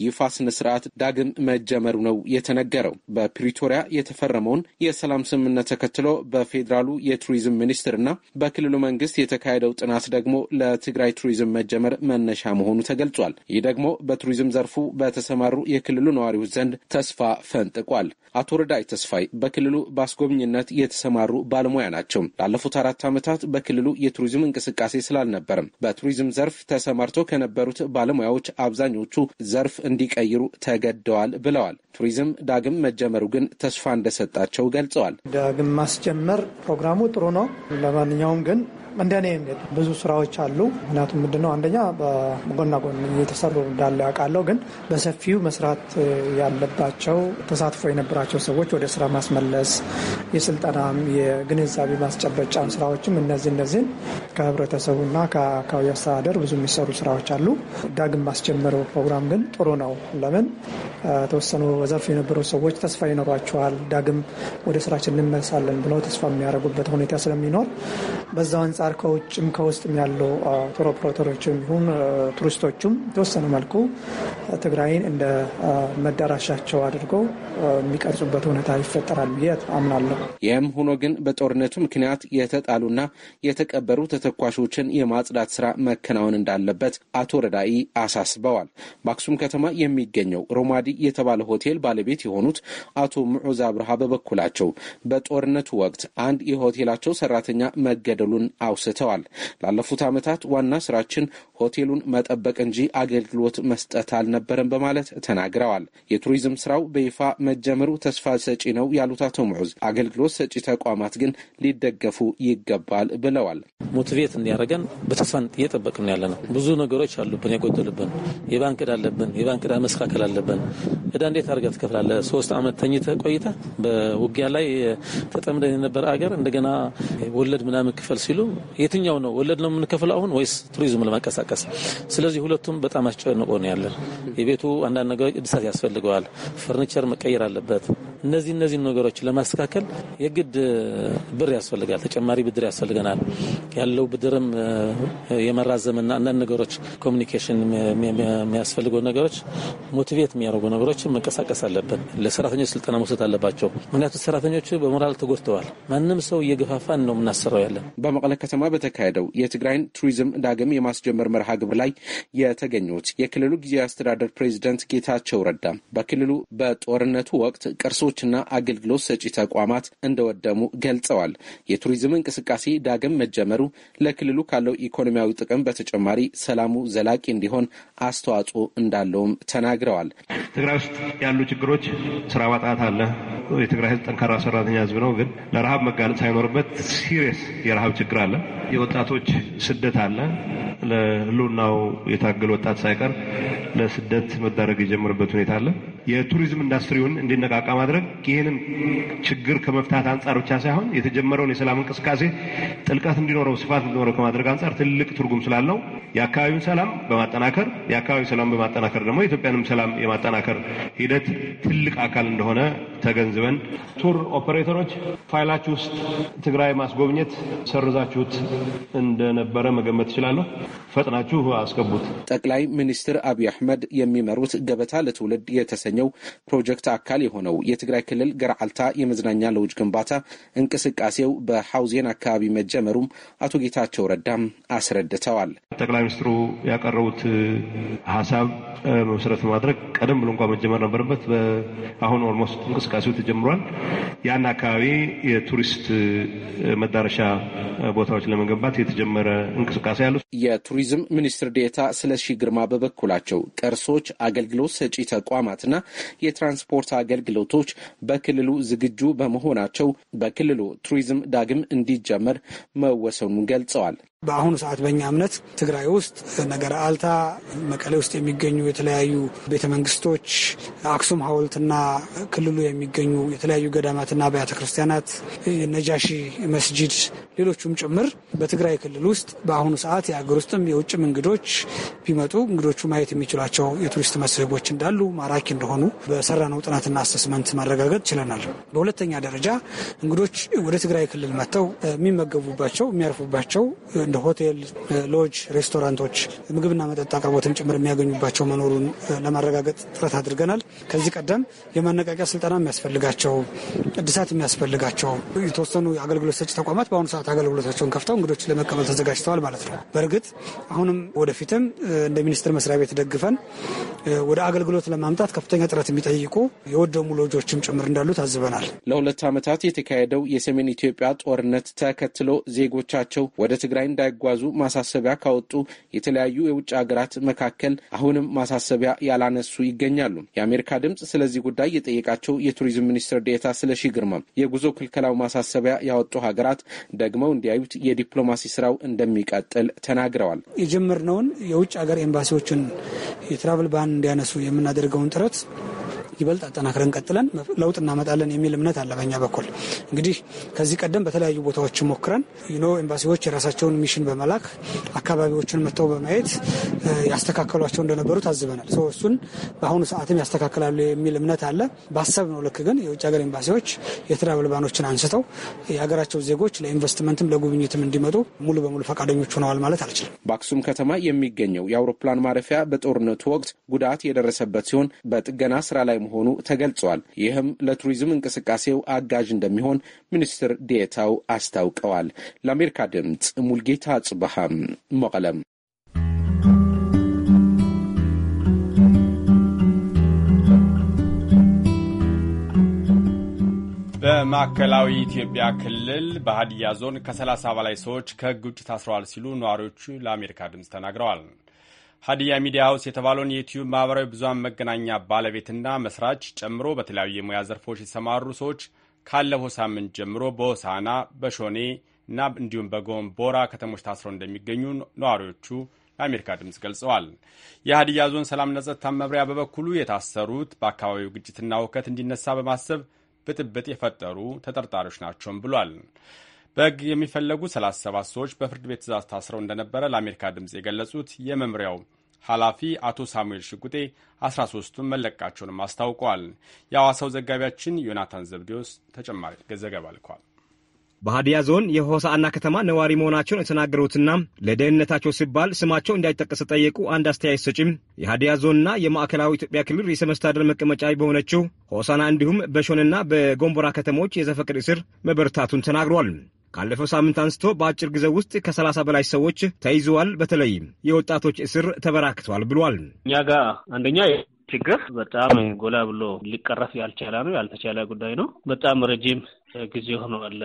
ይፋ ስነ ስርዓት ዳግም መጀመሩ ነው የተነገረው። በፕሪቶሪያ የተፈረመውን የሰላም ስምምነት ተከትሎ በፌዴራሉ የቱሪዝም ሚኒስትርና በክልሉ መንግስት የተካሄደው ጥናት ደግሞ ለትግራይ ቱሪዝም መጀመር መነሻ መሆኑ ተገልጿል። ይህ ደግሞ በቱሪዝም ዘርፉ በተሰማሩ የክልሉ ነዋሪዎች ዘንድ ተስፋ ፈንጥቋል። አቶ ረዳይ ተስፋይ በክልሉ ባስጎ በጉብኝነት የተሰማሩ ባለሙያ ናቸው። ላለፉት አራት ዓመታት በክልሉ የቱሪዝም እንቅስቃሴ ስላልነበርም በቱሪዝም ዘርፍ ተሰማርተው ከነበሩት ባለሙያዎች አብዛኞቹ ዘርፍ እንዲቀይሩ ተገደዋል ብለዋል። ቱሪዝም ዳግም መጀመሩ ግን ተስፋ እንደሰጣቸው ገልጸዋል። ዳግም ማስጀመር ፕሮግራሙ ጥሩ ነው። ለማንኛውም ግን እንደኔ ብዙ ስራዎች አሉ። ምክንያቱም ምንድነው አንደኛ በጎና ጎን እየተሰሩ እንዳለ ያውቃለሁ፣ ግን በሰፊው መስራት ያለባቸው ተሳትፎ የነበራቸው ሰዎች ወደ ስራ ማስመለስ፣ የስልጠናም የግንዛቤ ማስጨበጫም ስራዎችም እነዚህ እነዚህን ከህብረተሰቡና ከአካባቢ አስተዳደር ብዙ የሚሰሩ ስራዎች አሉ። ዳግም ማስጀመረው ፕሮግራም ግን ጥሩ ነው። ለምን ተወሰኑ በዘርፍ የነበሩ ሰዎች ተስፋ ይኖሯቸዋል። ዳግም ወደ ስራችን እንመለሳለን ብለው ተስፋ የሚያደርጉበት ሁኔታ ስለሚኖር በዛው አንጻር አንጻር ከውጭም ከውስጥም ያሉ ቱር ኦፕሬተሮችም ይሁን ቱሪስቶቹም የተወሰነ መልኩ ትግራይን እንደ መዳረሻቸው አድርገው የሚቀርጹበት ሁኔታ ይፈጠራል ብዬ አምናለሁ። ይህም ሆኖ ግን በጦርነቱ ምክንያት የተጣሉና የተቀበሩ ተተኳሾችን የማጽዳት ስራ መከናወን እንዳለበት አቶ ረዳኢ አሳስበዋል። በአክሱም ከተማ የሚገኘው ሮማዲ የተባለ ሆቴል ባለቤት የሆኑት አቶ ምዑዝ አብርሃ በበኩላቸው በጦርነቱ ወቅት አንድ የሆቴላቸው ሰራተኛ መገደሉን አውስተዋል። ላለፉት ዓመታት ዋና ስራችን ሆቴሉን መጠበቅ እንጂ አገልግሎት መስጠት አልነበረም በማለት ተናግረዋል። የቱሪዝም ስራው በይፋ መጀመሩ ተስፋ ሰጪ ነው ያሉት አቶ ሙዑዝ አገልግሎት ሰጪ ተቋማት ግን ሊደገፉ ይገባል ብለዋል። ሞቲቬት እንዲያደርገን በተስፋ እየጠበቅን ነው ብዙ ነገሮች አሉብን የጎደሉብን። የባንክ ዕዳ አለብን። የባንክ ዕዳ መስካከል አለብን። እዳ እንዴት አድርገህ ትከፍላለህ? ሶስት ዓመት ተኝተህ ቆይተህ በውጊያ ላይ ተጠምደን የነበረ አገር እንደገና ወለድ ምናምን ክፈል ሲሉ የትኛው ነው ወለድ ነው የምንከፍለው አሁን ወይስ ቱሪዝም ለማንቀሳቀስ? ስለዚህ ሁለቱም በጣም አስጨንቆ ነው ያለን። የቤቱ አንዳንድ ነገሮች እድሳት ያስፈልገዋል፣ ፈርኒቸር መቀየር አለበት። እነዚህ እነዚህ ነገሮች ለማስተካከል የግድ ብር ያስፈልጋል፣ ተጨማሪ ብድር ያስፈልገናል። ያለው ብድርም የመራዘምና አንዳንድ ነገሮች ኮሚኒኬሽን የሚያስፈልገው ነገሮች ሞቲቬት የሚያደርጉ ነገሮች መንቀሳቀስ አለብን። ለሰራተኞች ስልጠና መውሰድ አለባቸው። ምክንያቱም ሰራተኞቹ በሞራል ተጎድተዋል። ማንም ሰው እየገፋፋን ነው የምናሰራው ያለን ከተማ በተካሄደው የትግራይን ቱሪዝም ዳግም የማስጀመር መርሃ ግብር ላይ የተገኙት የክልሉ ጊዜያዊ አስተዳደር ፕሬዚደንት ጌታቸው ረዳ በክልሉ በጦርነቱ ወቅት ቅርሶችና አገልግሎት ሰጪ ተቋማት እንደወደሙ ገልጸዋል። የቱሪዝም እንቅስቃሴ ዳግም መጀመሩ ለክልሉ ካለው ኢኮኖሚያዊ ጥቅም በተጨማሪ ሰላሙ ዘላቂ እንዲሆን አስተዋጽኦ እንዳለውም ተናግረዋል። ትግራይ ውስጥ ያሉ ችግሮች ስራ ማጣት አለ። የትግራይ ህዝብ ጠንካራ ሰራተኛ ህዝብ ነው። ግን ለረሃብ መጋለጥ ሳይኖርበት ሲሪየስ የረሃብ ችግር አለ። የወጣቶች ስደት አለ። ለህልውናው የታገል ወጣት ሳይቀር ለስደት መዳረግ የጀመረበት ሁኔታ አለ። የቱሪዝም ኢንዱስትሪውን እንዲነቃቃ ማድረግ ይህንን ችግር ከመፍታት አንጻር ብቻ ሳይሆን የተጀመረውን የሰላም እንቅስቃሴ ጥልቀት እንዲኖረው ስፋት እንዲኖረው ከማድረግ አንጻር ትልቅ ትርጉም ስላለው የአካባቢውን ሰላም በማጠናከር የአካባቢው ሰላም በማጠናከር ደግሞ የኢትዮጵያንም ሰላም የማጠናከር ሂደት ትልቅ አካል እንደሆነ ተገንዝበን ቱር ኦፐሬተሮች ፋይላችሁ ውስጥ ትግራይ ማስጎብኘት ሰርዛችሁት እንደነበረ መገመት እችላለሁ። ፈጥናችሁ አስገቡት። ጠቅላይ ሚኒስትር አብይ አህመድ የሚመሩት ገበታ ለትውልድ የተሰኘ የተሰኘው ፕሮጀክት አካል የሆነው የትግራይ ክልል ገርዓልታ የመዝናኛ ለውጅ ግንባታ እንቅስቃሴው በሐውዜን አካባቢ መጀመሩም አቶ ጌታቸው ረዳም አስረድተዋል። ጠቅላይ ሚኒስትሩ ያቀረቡት ሀሳብ መሰረት ማድረግ ቀደም ብሎ እንኳ መጀመር ነበረበት። አሁን ኦልሞስት እንቅስቃሴው ተጀምሯል። ያን አካባቢ የቱሪስት መዳረሻ ቦታዎች ለመገንባት የተጀመረ እንቅስቃሴ አሉ። የቱሪዝም ሚኒስትር ዴታ ስለሺ ግርማ በበኩላቸው ቅርሶች፣ አገልግሎት ሰጪ ተቋማትና የትራንስፖርት አገልግሎቶች በክልሉ ዝግጁ በመሆናቸው በክልሉ ቱሪዝም ዳግም እንዲጀመር መወሰኑን ገልጸዋል። በአሁኑ ሰዓት በእኛ እምነት ትግራይ ውስጥ ነገረ አልታ፣ መቀሌ ውስጥ የሚገኙ የተለያዩ ቤተ መንግስቶች፣ አክሱም ሐውልትና ክልሉ የሚገኙ የተለያዩ ገዳማትና አብያተ ክርስቲያናት፣ ነጃሺ መስጂድ፣ ሌሎቹም ጭምር በትግራይ ክልል ውስጥ በአሁኑ ሰዓት የአገር ውስጥም የውጭም እንግዶች ቢመጡ እንግዶቹ ማየት የሚችሏቸው የቱሪስት መስህቦች እንዳሉ ማራኪ እንደሆኑ በሰራነው ጥናትና አሰስመንት ማረጋገጥ ችለናል። በሁለተኛ ደረጃ እንግዶች ወደ ትግራይ ክልል መጥተው የሚመገቡባቸው የሚያርፉባቸው እንደ ሆቴል፣ ሎጅ፣ ሬስቶራንቶች ምግብና መጠጥ አቅርቦትም ጭምር የሚያገኙባቸው መኖሩን ለማረጋገጥ ጥረት አድርገናል። ከዚህ ቀደም የማነቃቂያ ስልጠና የሚያስፈልጋቸው እድሳት የሚያስፈልጋቸው የተወሰኑ አገልግሎት ሰጭ ተቋማት በአሁኑ ሰዓት አገልግሎታቸውን ከፍተው እንግዶች ለመቀበል ተዘጋጅተዋል ማለት ነው። በእርግጥ አሁንም ወደፊትም እንደ ሚኒስቴር መስሪያ ቤት ደግፈን ወደ አገልግሎት ለማምጣት ከፍተኛ ጥረት የሚጠይቁ የወደሙ ሎጆችም ጭምር እንዳሉ ታዝበናል። ለሁለት ዓመታት የተካሄደው የሰሜን ኢትዮጵያ ጦርነት ተከትሎ ዜጎቻቸው ወደ ትግራይ እንዳይጓዙ ማሳሰቢያ ካወጡ የተለያዩ የውጭ ሀገራት መካከል አሁንም ማሳሰቢያ ያላነሱ ይገኛሉ። የአሜሪካ ድምፅ ስለዚህ ጉዳይ የጠየቃቸው የቱሪዝም ሚኒስትር ዴታ ስለሺ ግርማ የጉዞ ክልከላው ማሳሰቢያ ያወጡ ሀገራት ደግመው እንዲያዩት የዲፕሎማሲ ስራው እንደሚቀጥል ተናግረዋል። የጀመርነውን የውጭ ሀገር ኤምባሲዎችን የትራቭል ባን እንዲያነሱ የምናደርገውን ጥረት ይበልጥ አጠናክረን ቀጥለን ለውጥ እናመጣለን የሚል እምነት አለ በኛ በኩል። እንግዲህ ከዚህ ቀደም በተለያዩ ቦታዎች ሞክረን ዩኖ ኤምባሲዎች የራሳቸውን ሚሽን በመላክ አካባቢዎችን መጥተው በማየት ያስተካከሏቸው እንደነበሩ ታዝበናል። ሰው እሱን በአሁኑ ሰዓትም ያስተካክላሉ የሚል እምነት አለ። ባሰብ ነው ልክ ግን የውጭ ሀገር ኤምባሲዎች የትራቭል ባኖችን አንስተው የሀገራቸው ዜጎች ለኢንቨስትመንትም ለጉብኝትም እንዲመጡ ሙሉ በሙሉ ፈቃደኞች ሆነዋል ማለት አልችልም። በአክሱም ከተማ የሚገኘው የአውሮፕላን ማረፊያ በጦርነቱ ወቅት ጉዳት የደረሰበት ሲሆን በጥገና ስራ ላይ መሆኑ ተገልጿል። ይህም ለቱሪዝም እንቅስቃሴው አጋዥ እንደሚሆን ሚኒስትር ዴታው አስታውቀዋል። ለአሜሪካ ድምፅ ሙልጌታ ጽበሃም መቀለም። በማዕከላዊ ኢትዮጵያ ክልል በሀዲያ ዞን ከ30 በላይ ሰዎች ከህግ ውጭ ታስረዋል ሲሉ ነዋሪዎቹ ለአሜሪካ ድምፅ ተናግረዋል። ሀዲያ ሚዲያ ሃውስ የተባለውን የዩትዩብ ማህበራዊ ብዙሃን መገናኛ ባለቤትና መስራች ጨምሮ በተለያዩ የሙያ ዘርፎች የተሰማሩ ሰዎች ካለፈው ሳምንት ጀምሮ በሆሳና በሾኔ እና እንዲሁም ቦራ ከተሞች ታስረው እንደሚገኙ ነዋሪዎቹ ለአሜሪካ ድምፅ ገልጸዋል። የሀዲያ ዞን ሰላምና ጸጥታ መምሪያ በበኩሉ የታሰሩት በአካባቢው ግጭትና ውከት እንዲነሳ በማሰብ ብጥብጥ የፈጠሩ ተጠርጣሪዎች ናቸውም ብሏል። በሕግ የሚፈለጉ 37 ሰዎች በፍርድ ቤት ትእዛዝ ታስረው እንደነበረ ለአሜሪካ ድምፅ የገለጹት የመምሪያው ኃላፊ አቶ ሳሙኤል ሽጉጤ 13ቱን መለቀቃቸውንም አስታውቀዋል። የአዋሳው ዘጋቢያችን ዮናታን ዘብዴዎስ ተጨማሪ ዘገባ ልኳል። በሀዲያ ዞን የሆሳዕና ከተማ ነዋሪ መሆናቸውን የተናገሩትና ለደህንነታቸው ሲባል ስማቸው እንዳይጠቀስ ጠየቁ አንድ አስተያየት ሰጪም የሀዲያ ዞንና የማዕከላዊ ኢትዮጵያ ክልል ርዕሰ መስተዳድር መቀመጫ በሆነችው ሆሳና እንዲሁም በሾንና በጎንቦራ ከተሞች የዘፈቅድ እስር መበርታቱን ተናግሯል። ካለፈው ሳምንት አንስቶ በአጭር ጊዜ ውስጥ ከሰላሳ በላይ ሰዎች ተይዘዋል። በተለይም የወጣቶች እስር ተበራክተዋል ብሏል። እኛ ጋ አንደኛ ችግር በጣም ጎላ ብሎ ሊቀረፍ ያልቻለ ነው ያልተቻለ ጉዳይ ነው። በጣም ረጅም ጊዜ ሆነዋል።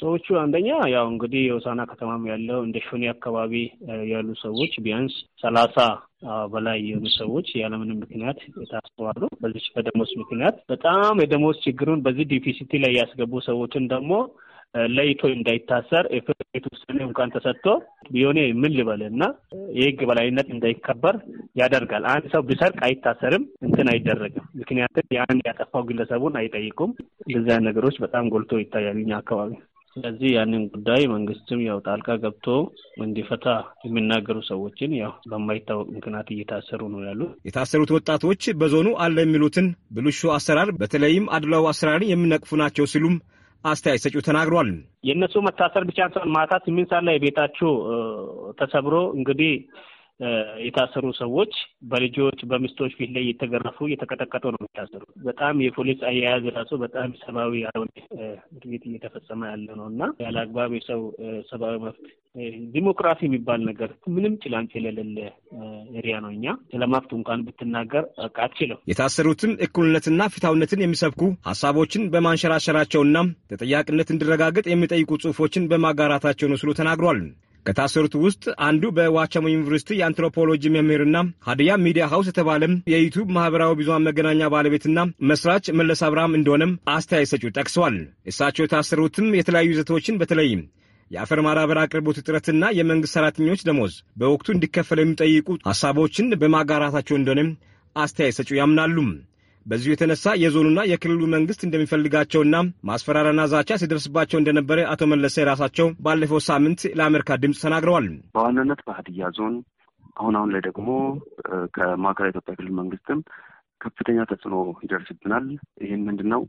ሰዎቹ አንደኛ ያው እንግዲህ የውሳና ከተማም ያለው እንደ ሾኒ አካባቢ ያሉ ሰዎች ቢያንስ ሰላሳ በላይ የሆኑ ሰዎች ያለምንም ምክንያት የታስተዋሉ በዚህ በደሞዝ ምክንያት በጣም የደሞዝ ችግሩን በዚህ ዲፊሲቲ ላይ ያስገቡ ሰዎችን ደግሞ ለይቶ እንዳይታሰር የተወሰነ እንኳን ተሰጥቶ ቢሆኔ ምን ልበል እና የህግ በላይነት እንዳይከበር ያደርጋል። አንድ ሰው ቢሰርቅ አይታሰርም፣ እንትን አይደረግም። ምክንያቱም የአንድ ያጠፋው ግለሰቡን አይጠይቁም። እንደዚያ ነገሮች በጣም ጎልቶ ይታያሉ እኛ አካባቢ። ስለዚህ ያንን ጉዳይ መንግስትም ያው ጣልቃ ገብቶ እንዲፈታ የሚናገሩ ሰዎችን ያው በማይታወቅ ምክንያት እየታሰሩ ነው ያሉት። የታሰሩት ወጣቶች በዞኑ አለ የሚሉትን ብልሹ አሰራር በተለይም አድላው አሰራርን የሚነቅፉ ናቸው ሲሉም አስተያየት ሰጪው ተናግሯል። የእነሱ መታሰር ብቻ ማታ ስምንት ሰዓት ላይ ተሰብሮ እንግዲህ የታሰሩ ሰዎች በልጆች በሚስቶች ፊት ላይ እየተገረፉ እየተቀጠቀጡ ነው የሚታሰሩ። በጣም የፖሊስ አያያዝ ራሱ በጣም ሰብአዊ ያልሆነ ድርጊት እየተፈጸመ ያለ ነው እና ያለ አግባብ የሰው ሰብአዊ መብት ዲሞክራሲ የሚባል ነገር ምንም ጭላንጭ የሌለ ኤሪያ ነው። እኛ ስለ እንኳን ብትናገር አቃችለው። የታሰሩትን እኩልነትና ፊታውነትን የሚሰብኩ ሀሳቦችን በማንሸራሸራቸውና ተጠያቂነት እንዲረጋገጥ የሚጠይቁ ጽሁፎችን በማጋራታቸው ነው ስሉ ተናግሯል። ከታሰሩት ውስጥ አንዱ በዋቸሞ ዩኒቨርሲቲ የአንትሮፖሎጂ መምህርና ሀዲያ ሚዲያ ሀውስ የተባለም የዩቱብ ማህበራዊ ብዙን መገናኛ ባለቤትና መስራች መለስ አብርሃም እንደሆነም አስተያየት ሰጪው ጠቅሰዋል። እሳቸው የታሰሩትም የተለያዩ ይዘቶችን በተለይም የአፈር ማዳበር አቅርቦት እጥረትና የመንግስት ሠራተኞች ደሞዝ በወቅቱ እንዲከፈል የሚጠይቁ ሐሳቦችን በማጋራታቸው እንደሆነም አስተያየት ሰጪው ያምናሉ። በዚሁ የተነሳ የዞኑና የክልሉ መንግስት እንደሚፈልጋቸውና ማስፈራሪያና ዛቻ ሲደርስባቸው እንደነበረ አቶ መለሰ የራሳቸው ባለፈው ሳምንት ለአሜሪካ ድምፅ ተናግረዋል። በዋናነት በሀዲያ ዞን አሁን አሁን ላይ ደግሞ ከማዕከላዊ ኢትዮጵያ ክልል መንግስትም ከፍተኛ ተጽዕኖ ይደርስብናል። ይህም ምንድን ነው?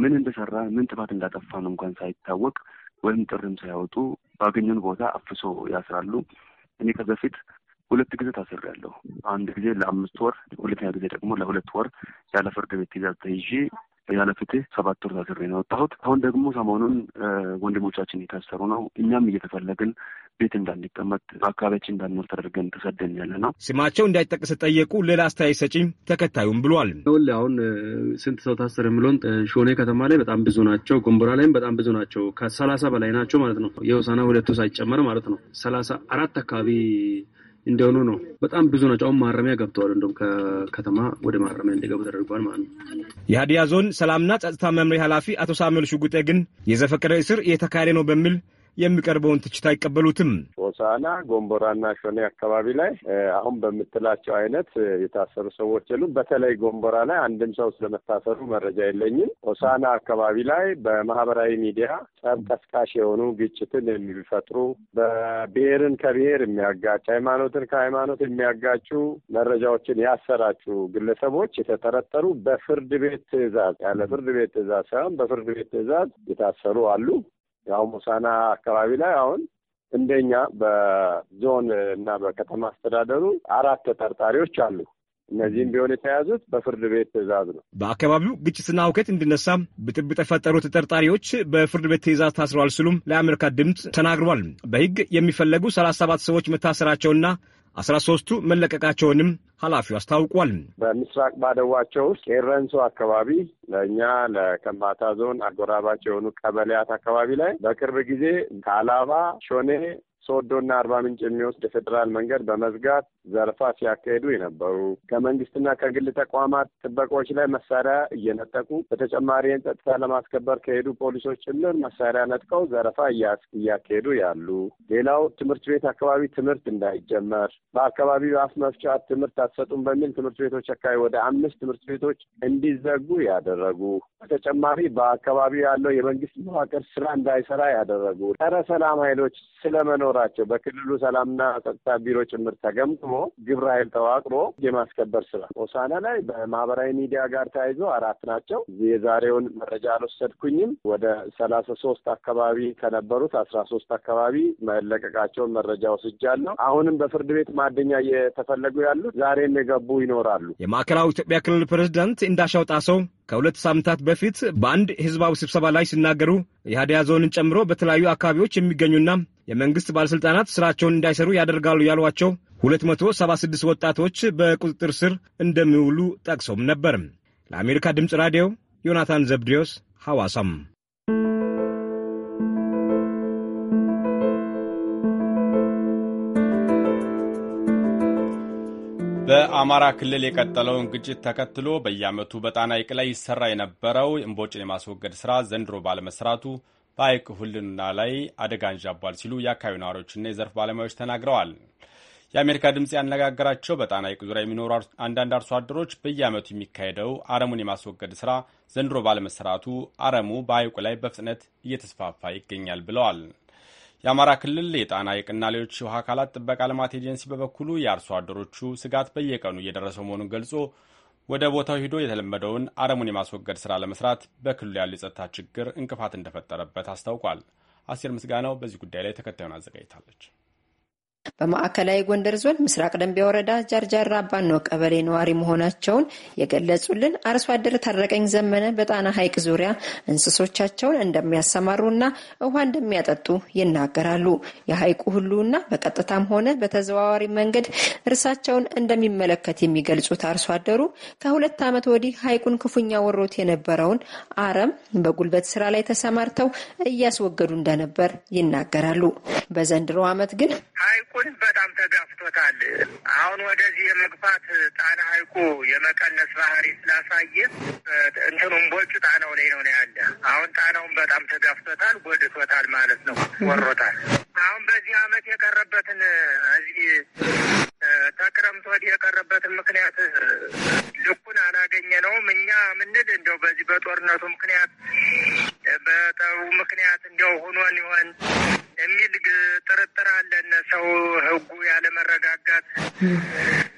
ምን እንደሰራ ምን ጥፋት እንዳጠፋን እንኳን ሳይታወቅ ወይም ጥርም ሳያወጡ ባገኙን ቦታ አፍሶ ያስራሉ። እኔ ከዚህ በፊት ሁለት ጊዜ ታስሬያለሁ። አንድ ጊዜ ለአምስት ወር፣ ሁለተኛ ጊዜ ደግሞ ለሁለት ወር ያለ ፍርድ ቤት ትዕዛዝ ተይዤ ያለ ፍትህ ሰባት ወር ታስሬ ነው የወጣሁት። አሁን ደግሞ ሰሞኑን ወንድሞቻችን እየታሰሩ ነው። እኛም እየተፈለግን ቤት እንዳንቀመጥ በአካባቢያችን እንዳንኖር ተደርገን ተሰደን ያለ ነው። ስማቸው እንዳይጠቀስ ጠየቁ። ሌላ አስተያየት ሰጪም ተከታዩም ብሏል። አሁን ስንት ሰው ታሰር የሚለውን ሾኔ ከተማ ላይ በጣም ብዙ ናቸው። ጎንቦራ ላይም በጣም ብዙ ናቸው። ከሰላሳ በላይ ናቸው ማለት ነው። የሆሳና ሁለቱ ሳይጨመር ማለት ነው። ሰላሳ አራት አካባቢ እንደሆኑ ነው። በጣም ብዙ ናቸው። አሁን ማረሚያ ገብተዋል። እንደውም ከከተማ ወደ ማረሚያ እንዲገቡ ተደርጓል ማለት ነው። የሀዲያ ዞን ሰላምና ጸጥታ መምሪያ ኃላፊ አቶ ሳሙኤል ሽጉጤ ግን የዘፈቀደ እስር እየተካሄደ ነው በሚል የሚቀርበውን ትችት አይቀበሉትም። ሆሳና፣ ጎንቦራና ሾኔ አካባቢ ላይ አሁን በምትላቸው አይነት የታሰሩ ሰዎች የሉም። በተለይ ጎንቦራ ላይ አንድም ሰው ስለመታሰሩ መረጃ የለኝም። ሆሳና አካባቢ ላይ በማህበራዊ ሚዲያ ጸብ ቀስቃሽ የሆኑ ግጭትን የሚፈጥሩ በብሔርን ከብሔር የሚያጋጭ ሃይማኖትን ከሃይማኖት የሚያጋጩ መረጃዎችን ያሰራችሁ ግለሰቦች የተጠረጠሩ በፍርድ ቤት ትዕዛዝ ያለ ፍርድ ቤት ትዕዛዝ ሳይሆን በፍርድ ቤት ትዕዛዝ የታሰሩ አሉ። ያው ሙሳና አካባቢ ላይ አሁን እንደኛ በዞን እና በከተማ አስተዳደሩ አራት ተጠርጣሪዎች አሉ። እነዚህም ቢሆን የተያዙት በፍርድ ቤት ትዕዛዝ ነው። በአካባቢው ግጭትና ውከት እንዲነሳ ብጥብጥ የፈጠሩ ተጠርጣሪዎች በፍርድ ቤት ትእዛዝ ታስረዋል ሲሉም ለአሜሪካ ድምፅ ተናግረዋል። በሕግ የሚፈለጉ ሰላሳ ሰባት ሰዎች መታሰራቸውና አስራ ሶስቱ መለቀቃቸውንም ኃላፊው አስታውቋል። በምስራቅ ባደዋቸው ውስጥ ኤረንሶ አካባቢ ለእኛ ለከምባታ ዞን አጎራባቸው የሆኑ ቀበሌያት አካባቢ ላይ በቅርብ ጊዜ ከአላባ ሾኔ ሶዶና አርባ ምንጭ የሚወስድ የፌዴራል መንገድ በመዝጋት ዘርፋ ሲያካሂዱ የነበሩ ከመንግስትና ከግል ተቋማት ጥበቃዎች ላይ መሳሪያ እየነጠቁ በተጨማሪ ጸጥታ ለማስከበር ከሄዱ ፖሊሶች ጭምር መሳሪያ ነጥቀው ዘረፋ እያካሄዱ ያሉ፣ ሌላው ትምህርት ቤት አካባቢ ትምህርት እንዳይጀመር በአካባቢው አፍ መፍቻ ትምህርት አትሰጡም በሚል ትምህርት ቤቶች አካባቢ ወደ አምስት ትምህርት ቤቶች እንዲዘጉ ያደረጉ፣ በተጨማሪ በአካባቢው ያለው የመንግስት መዋቅር ስራ እንዳይሰራ ያደረጉ፣ ጸረ ሰላም ኃይሎች ስለመኖር ናቸው። በክልሉ ሰላምና ጸጥታ ቢሮ ጭምር ተገምግሞ ግብረ ኃይል ተዋቅሮ የማስከበር ስራ ሆሳና ላይ በማህበራዊ ሚዲያ ጋር ተያይዞ አራት ናቸው። የዛሬውን መረጃ አልወሰድኩኝም። ወደ ሰላሳ ሶስት አካባቢ ከነበሩት አስራ ሶስት አካባቢ መለቀቃቸውን መረጃ ወስጃለሁ። አሁንም በፍርድ ቤት ማደኛ እየተፈለጉ ያሉት ዛሬም የገቡ ይኖራሉ። የማዕከላዊ ኢትዮጵያ ክልል ፕሬዚዳንት እንዳሻው ጣሰው ከሁለት ሳምንታት በፊት በአንድ ህዝባዊ ስብሰባ ላይ ሲናገሩ የሀዲያ ዞንን ጨምሮ በተለያዩ አካባቢዎች የሚገኙና የመንግስት ባለሥልጣናት ስራቸውን እንዳይሰሩ ያደርጋሉ ያሏቸው 276 ወጣቶች በቁጥጥር ስር እንደሚውሉ ጠቅሶም ነበር። ለአሜሪካ ድምፅ ራዲዮ ዮናታን ዘብድዮስ ሐዋሳም በአማራ ክልል የቀጠለውን ግጭት ተከትሎ በየዓመቱ በጣና ሐይቅ ላይ ይሰራ የነበረው እምቦጭን የማስወገድ ሥራ ዘንድሮ ባለመስራቱ በሐይቁ ሁልና ላይ አደጋ አንዣቧል ሲሉ የአካባቢው ነዋሪዎችና የዘርፍ ባለሙያዎች ተናግረዋል። የአሜሪካ ድምፅ ያነጋገራቸው በጣና ሐይቅ ዙሪያ የሚኖሩ አንዳንድ አርሶ አደሮች በየዓመቱ የሚካሄደው አረሙን የማስወገድ ስራ ዘንድሮ ባለመሰራቱ አረሙ በሐይቁ ላይ በፍጥነት እየተስፋፋ ይገኛል ብለዋል። የአማራ ክልል የጣና ሐይቅና ሌሎች የውሃ አካላት ጥበቃ ልማት ኤጀንሲ በበኩሉ የአርሶ አደሮቹ ስጋት በየቀኑ እየደረሰው መሆኑን ገልጾ ወደ ቦታው ሂዶ የተለመደውን አረሙን የማስወገድ ሥራ ለመስራት በክልሉ ያሉ የጸጥታ ችግር እንቅፋት እንደፈጠረበት አስታውቋል። አስቴር ምስጋናው በዚህ ጉዳይ ላይ ተከታዩን አዘጋጅታለች። በማዕከላዊ ጎንደር ዞን ምስራቅ ደንቢያ ወረዳ ጃርጃራ አባኖ ቀበሌ ነዋሪ መሆናቸውን የገለጹልን አርሶ አደር ታረቀኝ ዘመነ በጣና ሐይቅ ዙሪያ እንስሶቻቸውን እንደሚያሰማሩና ውሃ እንደሚያጠጡ ይናገራሉ። የሐይቁ ሁሉና በቀጥታም ሆነ በተዘዋዋሪ መንገድ እርሳቸውን እንደሚመለከት የሚገልጹት አርሶ አደሩ ከሁለት ዓመት ወዲህ ሐይቁን ክፉኛ ወሮት የነበረውን አረም በጉልበት ስራ ላይ ተሰማርተው እያስወገዱ እንደነበር ይናገራሉ። በዘንድሮ ዓመት ግን ሀይቁን በጣም ተጋፍቶታል። አሁን ወደዚህ የመግፋት ጣና ሀይቁ የመቀነስ ባህሪ ስላሳየ እንትኑም ቦጭ ጣናው ላይ ነው ያለ። አሁን ጣናውን በጣም ተጋፍቶታል፣ ጎድቶታል ማለት ነው፣ ወሮታል። አሁን በዚህ አመት የቀረበትን እዚህ ተክረምት ወዲህ የቀረበትን ምክንያት ልኩን አላገኘ ነውም። እኛ ምንል እንደው በዚህ በጦርነቱ ምክንያት በጠሩ ምክንያት እንዲያው ሆኗን ይሆን የሚል ጥርጥር አለን። ሰው ህጉ ያለመረጋጋት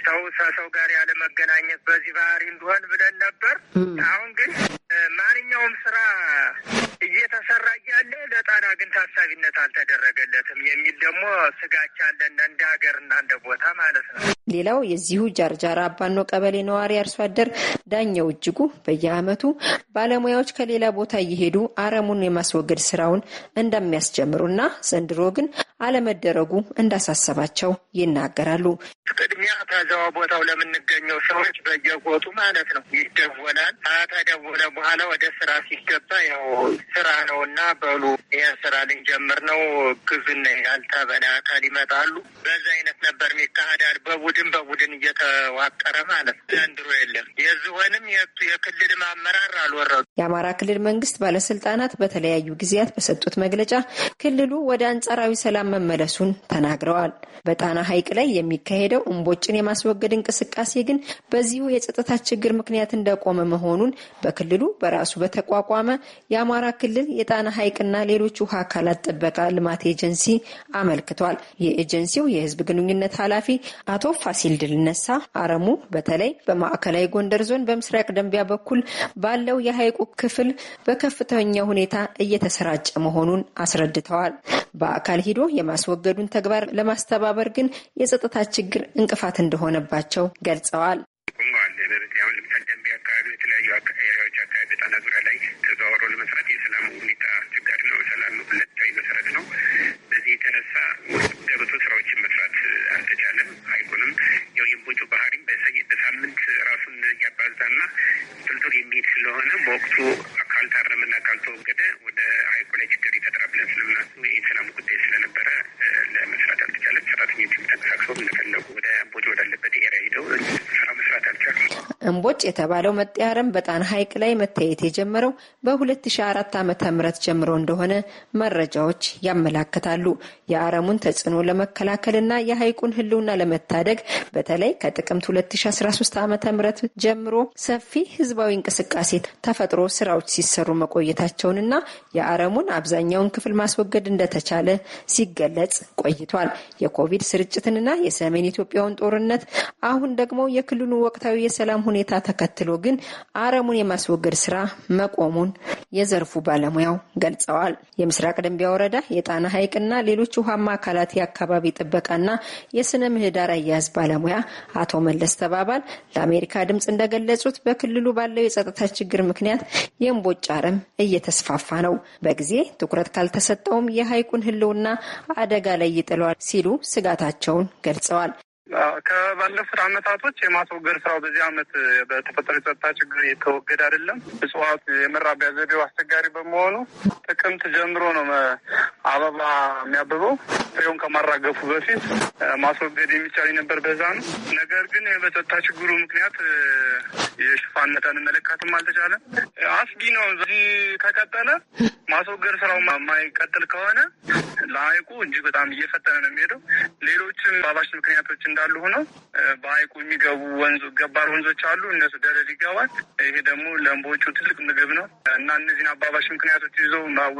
ሰው ከሰው ጋር ያለመገናኘት በዚህ ባህሪ እንዲሆን ብለን ነበር። አሁን ግን ማንኛውም ስራ እየተሰራ እያለ ለጣና ግን ታሳቢነት አልተደረገለትም የሚል ደግሞ ስጋቻ አለን እንደ ሀገር እና እንደ ቦታ ማለት ነው። ሌላው የዚሁ ጃርጃራ አባኖ ቀበሌ ነዋሪ አርሶ አደር ዳኛው እጅጉ በየአመቱ ባለሙያዎች ከሌላ ቦታ እየሄዱ አረሙን የማስወገድ ስራውን እንደሚያስጀምሩና ዘንድሮ ግን አለመደረጉ እንዳሳሰባቸው ይናገራሉ። ቅድሚያ ቦታው ለምንገኘው ሰዎች በየጎጡ ማለት ነው ይደወላል። ከተደወለ በኋላ ወደ ስራ ሲገባ ያው ስራ ነው እና በሉ ይህን ስራ ልንጀምር ነው ግዙና ያልተበላ አካል ይመጣሉ። በዛ አይነት ነበር የሚካሄዳል በቡድን በ እየተዋቀረ ማለት ዘንድሮ የለም። የዝሆንም የክልል አመራር አልወረዱ። የአማራ ክልል መንግስት ባለስልጣናት በተለያዩ ጊዜያት በሰጡት መግለጫ ክልሉ ወደ አንጻራዊ ሰላም መመለሱን ተናግረዋል። በጣና ሐይቅ ላይ የሚካሄደው እምቦጭን የማስወገድ እንቅስቃሴ ግን በዚሁ የጸጥታ ችግር ምክንያት እንደቆመ መሆኑን በክልሉ በራሱ በተቋቋመ የአማራ ክልል የጣና ሐይቅና ሌሎች ውሃ አካላት ጥበቃ ልማት ኤጀንሲ አመልክቷል። የኤጀንሲው የህዝብ ግንኙነት ኃላፊ አቶ ፋሲል ድልና ሲነሳ አረሙ በተለይ በማዕከላዊ ጎንደር ዞን በምስራቅ ደንቢያ በኩል ባለው የሐይቁ ክፍል በከፍተኛ ሁኔታ እየተሰራጨ መሆኑን አስረድተዋል። በአካል ሂዶ የማስወገዱን ተግባር ለማስተባበር ግን የጸጥታ ችግር እንቅፋት እንደሆነባቸው ገልጸዋል። ሁኔታ አስቸጋሪ ነው። ሰላም ሁለታዊ መሰረት ነው። በዚህ የተነሳ የተመሰረቱ ስራዎችን መስራት አልተቻለም። አይሆንም። የእምቦጭ ባህሪም በሰይ ሳምንት ራሱን እያባዛና ስልጡን የሚሄድ ስለሆነ በወቅቱ ካልታረመና ካልተወገደ ወደ ሀይቁ ላይ ችግር ይፈጥራል ብለን ስለምናስብ የሰላሙ ጉዳይ ስለነበረ ለመስራት አልተቻለም። ሰራተኞችም ተንቀሳቅሰው እንደፈለጉ ወደ እምቦጭ ወዳለበት ኤሪያ ሄደው ስራ መስራት አልቻለም። እምቦጭ የተባለው መጠያረም በጣና ሀይቅ ላይ መታየት የጀመረው በሁለት ሺ አራት አመተ ዓ.ም ጀምሮ እንደሆነ መረጃዎች ያመላክታሉ። የአረሙን ተጽዕኖ ለመከላከልና የሀይቁን ህልውና ለመታደግ በተለይ ከጥቅምት ሁለት ሺ 2013 ዓመተ ምህረት ጀምሮ ሰፊ ህዝባዊ እንቅስቃሴ ተፈጥሮ ስራዎች ሲሰሩ መቆየታቸውንና የአረሙን አብዛኛውን ክፍል ማስወገድ እንደተቻለ ሲገለጽ ቆይቷል። የኮቪድ ስርጭትንና የሰሜን ኢትዮጵያውን ጦርነት አሁን ደግሞ የክልሉ ወቅታዊ የሰላም ሁኔታ ተከትሎ ግን አረሙን የማስወገድ ስራ መቆሙን የዘርፉ ባለሙያው ገልጸዋል። የምስራቅ ደንቢያ ወረዳ የጣና ሐይቅና ሌሎች ውሃማ አካላት የአካባቢ ጥበቃና የስነ ምህዳር አያያዝ ባለሙያ አቶ መለስ ተባባል አባል ለአሜሪካ ድምፅ እንደገለጹት በክልሉ ባለው የጸጥታ ችግር ምክንያት የእምቦጭ አረም እየተስፋፋ ነው፣ በጊዜ ትኩረት ካልተሰጠውም የሐይቁን ሕልውና አደጋ ላይ ይጥለዋል ሲሉ ስጋታቸውን ገልጸዋል። ከባለፉት አመታቶች የማስወገድ ስራው በዚህ አመት በተፈጠረ የጸጥታ ችግር የተወገደ አይደለም። እጽዋት የመራቢያ ዘዴው አስቸጋሪ በመሆኑ ጥቅምት ጀምሮ ነው አበባ የሚያብበው። ፍሬውን ከማራገፉ በፊት ማስወገድ የሚቻል ነበር፣ በዛ ነው። ነገር ግን በጸጥታ ችግሩ ምክንያት የሽፋን መጠን መለካትም አልተቻለም። አስጊ ነው። እዚህ ከቀጠለ ማስወገድ ስራው የማይቀጥል ከሆነ ለሀይቁ እጅግ በጣም እየፈጠነ ነው የሚሄደው። ሌሎችም አባባሽ ምክንያቶች እንዳሉ እንዳሉ ሆኖ በሀይቁ የሚገቡ ወንዞ ገባር ወንዞች አሉ። እነሱ ደለል ይገባል። ይሄ ደግሞ ለእምቦቹ ትልቅ ምግብ ነው እና እነዚህን አባባሽ ምክንያቶች ይዞ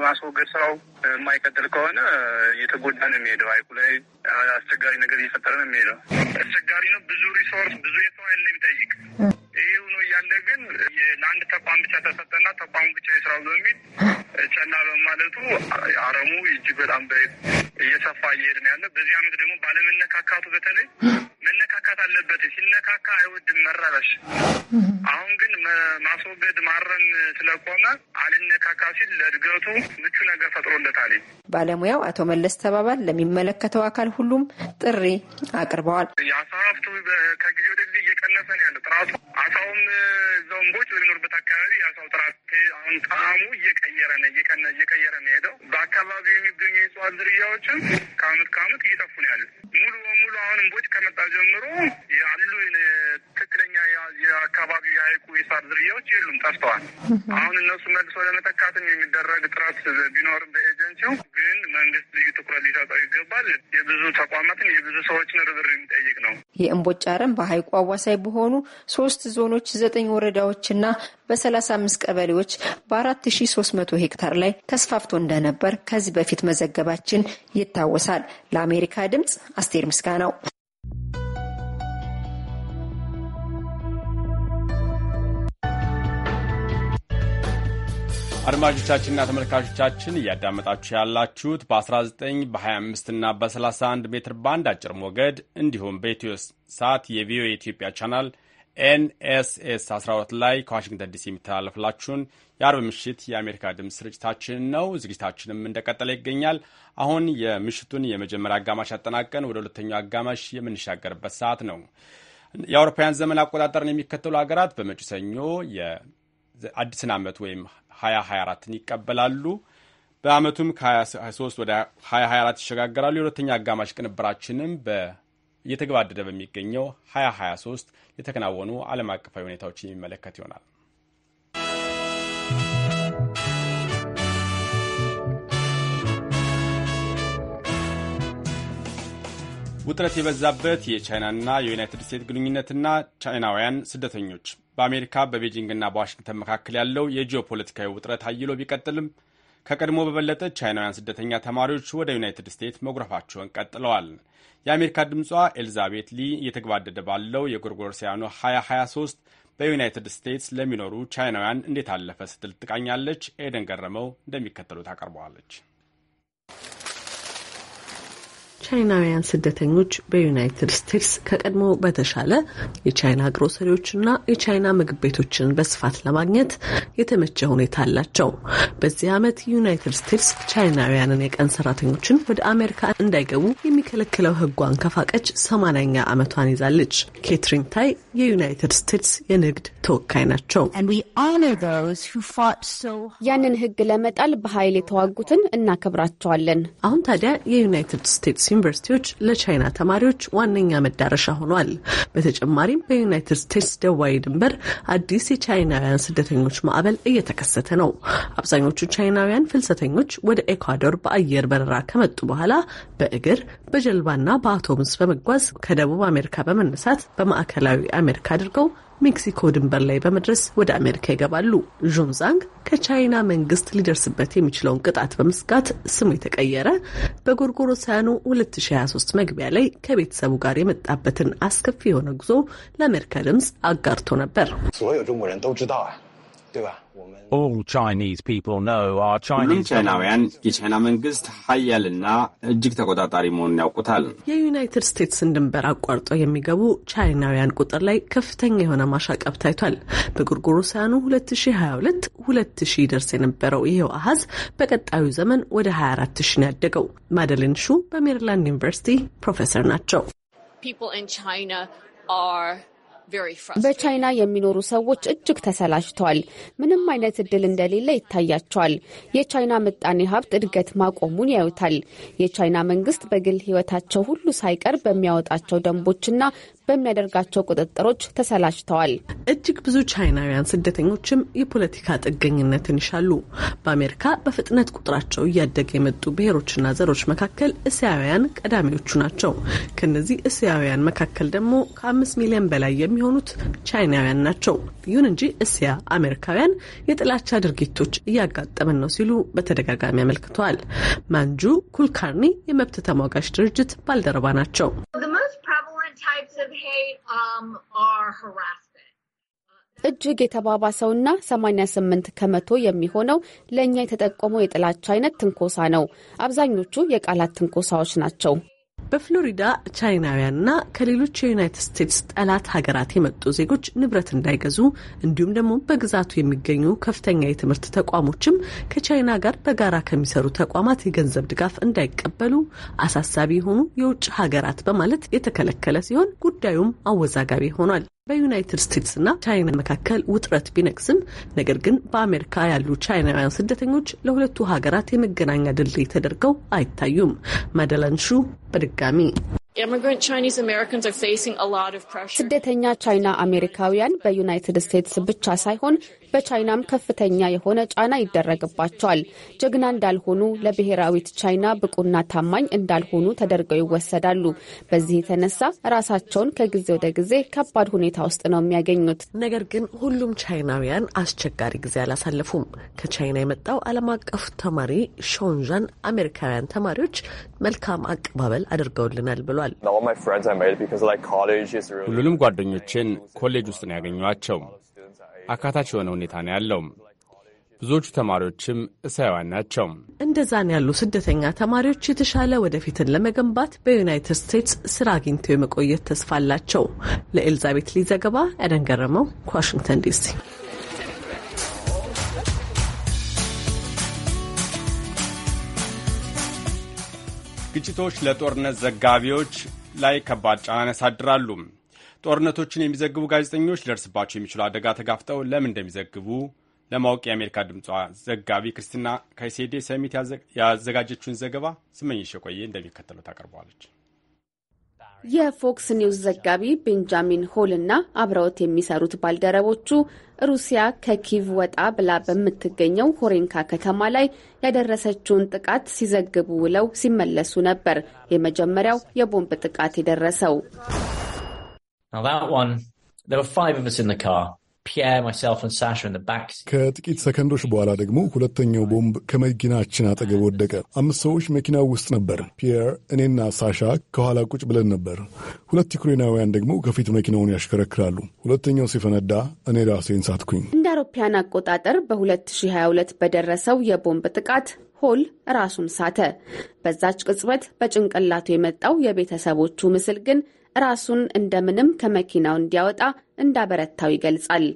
ማስወገድ ስራው የማይቀጥል ከሆነ እየተጎዳ ነው የሚሄደው ሀይቁ ላይ አስቸጋሪ ነገር እየፈጠረ ነው የሚሄደው። አስቸጋሪ ነው። ብዙ ሪሶርስ፣ ብዙ የሰው ኃይል ነው የሚጠይቅ። ይህ ሆኖ እያለ ግን ለአንድ ተቋም ብቻ ተሰጠና ተቋሙ ብቻ የስራው በሚል ቸላ በማለቱ አረሙ እጅግ በጣም እየሰፋ እየሄድ ነው ያለ። በዚህ አመት ደግሞ ባለመነካካቱ በተለይ መነካካት አለበት። ሲነካካ አይወድም መረበሽ። አሁን ግን ማስወገድ ማረም ስለቆመ አልነካካ ሲል ለእድገቱ ምቹ ነገር ፈጥሮለታል። ባለሙያው አቶ መለስ ተባባል ለሚመለከተው አካል ሁሉም ጥሪ አቅርበዋል። የአሳ ሀብቱ ከጊዜ ወደ ጊዜ እየቀነሰ ነው ያለው ጥራቱ። አሳውም እዛው እምቦጭ በሚኖርበት አካባቢ የአሳው ጥራት አሁን ጣዕሙ እየቀየረ ነው እየቀየረ ነው ሄደው በአካባቢው የሚገኙ የእጽዋት ዝርያዎችም ከአመት ከአመት እየጠፉ ነው ያለ ሙሉ በሙሉ አሁን እምቦጭ ከመጣ ጀምሮ ያሉ ትክክለኛ የአካባቢው የሀይቁ የሳር ዝርያዎች የሉም፣ ጠፍተዋል። አሁን እነሱ መልሶ ለመተካትም የሚደረግ ጥረት ቢኖርም በኤጀንሲው ትኩረት ሊሰጠው ይገባል። የብዙ ተቋማትን የብዙ ሰዎችን ርብር የሚጠይቅ ነው። የእምቦጭ አረም በሀይቁ አዋሳይ በሆኑ ሶስት ዞኖች ዘጠኝ ወረዳዎችና በሰላሳ አምስት ቀበሌዎች በአራት ሺ ሶስት መቶ ሄክታር ላይ ተስፋፍቶ እንደነበር ከዚህ በፊት መዘገባችን ይታወሳል። ለአሜሪካ ድምጽ አስቴር ምስጋናው አድማጮቻችንና ተመልካቾቻችን እያዳመጣችሁ ያላችሁት በ19 በ25 እና በ31 ሜትር ባንድ አጭር ሞገድ እንዲሁም በኢትዮ ሳት የቪኦኤ ኢትዮጵያ ቻናል ኤንኤስኤስ 12 ላይ ከዋሽንግተን ዲሲ የሚተላለፍላችሁን የአርብ ምሽት የአሜሪካ ድምፅ ስርጭታችን ነው። ዝግጅታችንም እንደቀጠለ ይገኛል። አሁን የምሽቱን የመጀመሪያ አጋማሽ አጠናቀን ወደ ሁለተኛው አጋማሽ የምንሻገርበት ሰዓት ነው። የአውሮፓውያን ዘመን አቆጣጠርን የሚከተሉ ሀገራት በመጪው ሰኞ የአዲስን ዓመት ወይም 2024ን ይቀበላሉ። በአመቱም ከ 23 ወደ 2024 ይሸጋገራሉ። የሁለተኛ አጋማሽ ቅንብራችንም እየተገባደደ በሚገኘው 2023 የተከናወኑ ዓለም አቀፋዊ ሁኔታዎችን የሚመለከት ይሆናል። ውጥረት የበዛበት የቻይናና የዩናይትድ ስቴትስ ግንኙነትና ቻይናውያን ስደተኞች በአሜሪካ በቤጂንግና በዋሽንግተን መካከል ያለው የጂኦ ፖለቲካዊ ውጥረት አይሎ ቢቀጥልም ከቀድሞ በበለጠ ቻይናውያን ስደተኛ ተማሪዎች ወደ ዩናይትድ ስቴትስ መጉረፋቸውን ቀጥለዋል። የአሜሪካ ድምጿ ኤልዛቤት ሊ እየተገባደደ ባለው የጎርጎርሲያኑ 2023 በዩናይትድ ስቴትስ ለሚኖሩ ቻይናውያን እንዴት አለፈ ስትል ትቃኛለች። ኤደን ገረመው እንደሚከተሉት አቀርበዋለች። ቻይናውያን ስደተኞች በዩናይትድ ስቴትስ ከቀድሞ በተሻለ የቻይና ግሮሰሪዎችና የቻይና ምግብ ቤቶችን በስፋት ለማግኘት የተመቸ ሁኔታ አላቸው። በዚህ ዓመት ዩናይትድ ስቴትስ ቻይናውያንን የቀን ሰራተኞችን ወደ አሜሪካ እንዳይገቡ የሚከለክለው ሕጓን ከፋቀች ሰማንያኛ ዓመቷን ይዛለች። ኬትሪን ታይ የዩናይትድ ስቴትስ የንግድ ተወካይ ናቸው። ያንን ሕግ ለመጣል በኃይል የተዋጉትን እናከብራቸዋለን። አሁን ታዲያ የዩናይትድ ስቴትስ ዩኒቨርሲቲዎች ለቻይና ተማሪዎች ዋነኛ መዳረሻ ሆኗል። በተጨማሪም በዩናይትድ ስቴትስ ደቡባዊ ድንበር አዲስ የቻይናውያን ስደተኞች ማዕበል እየተከሰተ ነው። አብዛኞቹ ቻይናውያን ፍልሰተኞች ወደ ኤኳዶር በአየር በረራ ከመጡ በኋላ በእግር በጀልባና በአውቶቡስ በመጓዝ ከደቡብ አሜሪካ በመነሳት በማዕከላዊ አሜሪካ አድርገው ሜክሲኮ ድንበር ላይ በመድረስ ወደ አሜሪካ ይገባሉ። ዦንዛንግ ከቻይና መንግስት ሊደርስበት የሚችለውን ቅጣት በመስጋት ስሙ የተቀየረ በጎርጎሮሳውያኑ 2023 መግቢያ ላይ ከቤተሰቡ ጋር የመጣበትን አስከፊ የሆነ ጉዞ ለአሜሪካ ድምፅ አጋርቶ ነበር። ሁሉም ቻይናውያን የቻይና መንግስት ሀያልና እጅግ ተቆጣጣሪ መሆኑን ያውቁታል። የዩናይትድ ስቴትስን ድንበር አቋርጠው የሚገቡ ቻይናውያን ቁጥር ላይ ከፍተኛ የሆነ ማሻቀብ ታይቷል። በጎርጎሮሳውያኑ 2022 2 ሺህ ይደርስ የነበረው ይኸው አሃዝ በቀጣዩ ዘመን ወደ 24 ነው ያደገው። ማደሊን ሹ በሜሪላንድ ዩኒቨርሲቲ ፕሮፌሰር ናቸው። በቻይና የሚኖሩ ሰዎች እጅግ ተሰላችተዋል። ምንም አይነት እድል እንደሌለ ይታያቸዋል። የቻይና ምጣኔ ሀብት እድገት ማቆሙን ያዩታል። የቻይና መንግስት በግል ህይወታቸው ሁሉ ሳይቀር በሚያወጣቸው ደንቦችና በሚያደርጋቸው ቁጥጥሮች ተሰላችተዋል። እጅግ ብዙ ቻይናውያን ስደተኞችም የፖለቲካ ጥገኝነትን ይሻሉ። በአሜሪካ በፍጥነት ቁጥራቸው እያደገ የመጡ ብሔሮችና ዘሮች መካከል እስያውያን ቀዳሚዎቹ ናቸው። ከነዚህ እስያውያን መካከል ደግሞ ከአምስት ሚሊዮን በላይ የሚሆኑት ቻይናውያን ናቸው። ይሁን እንጂ እስያ አሜሪካውያን የጥላቻ ድርጊቶች እያጋጠመን ነው ሲሉ በተደጋጋሚ አመልክተዋል። ማንጁ ኩልካርኒ የመብት ተሟጋች ድርጅት ባልደረባ ናቸው። Um, እጅግ የተባባሰውና 88 ከመቶ የሚሆነው ለእኛ የተጠቆመው የጥላቻ አይነት ትንኮሳ ነው። አብዛኞቹ የቃላት ትንኮሳዎች ናቸው። በፍሎሪዳ ቻይናውያንና ከሌሎች የዩናይትድ ስቴትስ ጠላት ሀገራት የመጡ ዜጎች ንብረት እንዳይገዙ እንዲሁም ደግሞ በግዛቱ የሚገኙ ከፍተኛ የትምህርት ተቋሞችም ከቻይና ጋር በጋራ ከሚሰሩ ተቋማት የገንዘብ ድጋፍ እንዳይቀበሉ አሳሳቢ የሆኑ የውጭ ሀገራት በማለት የተከለከለ ሲሆን ጉዳዩም አወዛጋቢ ሆኗል። በዩናይትድ ስቴትስና ቻይና መካከል ውጥረት ቢነቅስም ነገር ግን በአሜሪካ ያሉ ቻይናውያን ስደተኞች ለሁለቱ ሀገራት የመገናኛ ድልድይ ተደርገው አይታዩም። ሹ በድጋሚ ስደተኛ ቻይና አሜሪካውያን በዩናይትድ ስቴትስ ብቻ ሳይሆን በቻይናም ከፍተኛ የሆነ ጫና ይደረግባቸዋል። ጀግና እንዳልሆኑ፣ ለብሔራዊት ቻይና ብቁና ታማኝ እንዳልሆኑ ተደርገው ይወሰዳሉ። በዚህ የተነሳ ራሳቸውን ከጊዜ ወደ ጊዜ ከባድ ሁኔታ ውስጥ ነው የሚያገኙት። ነገር ግን ሁሉም ቻይናውያን አስቸጋሪ ጊዜ አላሳለፉም። ከቻይና የመጣው ዓለም አቀፍ ተማሪ ሾንዣን አሜሪካውያን ተማሪዎች መልካም አቀባበል አድርገውልናል ብሏል። ሁሉንም ጓደኞቼን ኮሌጅ ውስጥ ነው ያገኟቸው። አካታች የሆነ ሁኔታ ነው ያለው። ብዙዎቹ ተማሪዎችም እሳያውያን ናቸው። እንደዛን ያሉ ስደተኛ ተማሪዎች የተሻለ ወደፊትን ለመገንባት በዩናይትድ ስቴትስ ስራ አግኝተው የመቆየት ተስፋ አላቸው። ለኤልዛቤት ሊ ዘገባ ያደን ገረመው ከዋሽንግተን ዲሲ። ግጭቶች ለጦርነት ዘጋቢዎች ላይ ከባድ ጫናን ያሳድራሉ። ጦርነቶችን የሚዘግቡ ጋዜጠኞች ሊደርስባቸው የሚችሉ አደጋ ተጋፍጠው ለምን እንደሚዘግቡ ለማወቅ የአሜሪካ ድምጿ ዘጋቢ ክርስትና ከሴዴ ሰሚት ያዘጋጀችውን ዘገባ ስመኝሽ የቆየ እንደሚከተለው ታቀርበዋለች። የፎክስ ኒውስ ዘጋቢ ቤንጃሚን ሆል እና አብረውት የሚሰሩት ባልደረቦቹ ሩሲያ ከኪቭ ወጣ ብላ በምትገኘው ሆሬንካ ከተማ ላይ ያደረሰችውን ጥቃት ሲዘግቡ ውለው ሲመለሱ ነበር የመጀመሪያው የቦምብ ጥቃት የደረሰው። that one, there were five of us in the car. Pierre, myself and Sasha in the back. ከጥቂት ሰከንዶች በኋላ ደግሞ ሁለተኛው ቦምብ ከመኪናችን አጠገብ ወደቀ። አምስት ሰዎች መኪናው ውስጥ ነበር። ፒየር፣ እኔና ሳሻ ከኋላ ቁጭ ብለን ነበር። ሁለት ዩክሬናውያን ደግሞ ከፊት መኪናውን ያሽከረክራሉ። ሁለተኛው ሲፈነዳ እኔ ራሴን ሳትኩኝ። እንደ አውሮፓያን አቆጣጠር በ2022 በደረሰው የቦምብ ጥቃት ሆል ራሱን ሳተ። በዛች ቅጽበት በጭንቅላቱ የመጣው የቤተሰቦቹ ምስል ግን ራሱን እንደምንም ከመኪናው እንዲያወጣ እንዳበረታው ይገልጻል።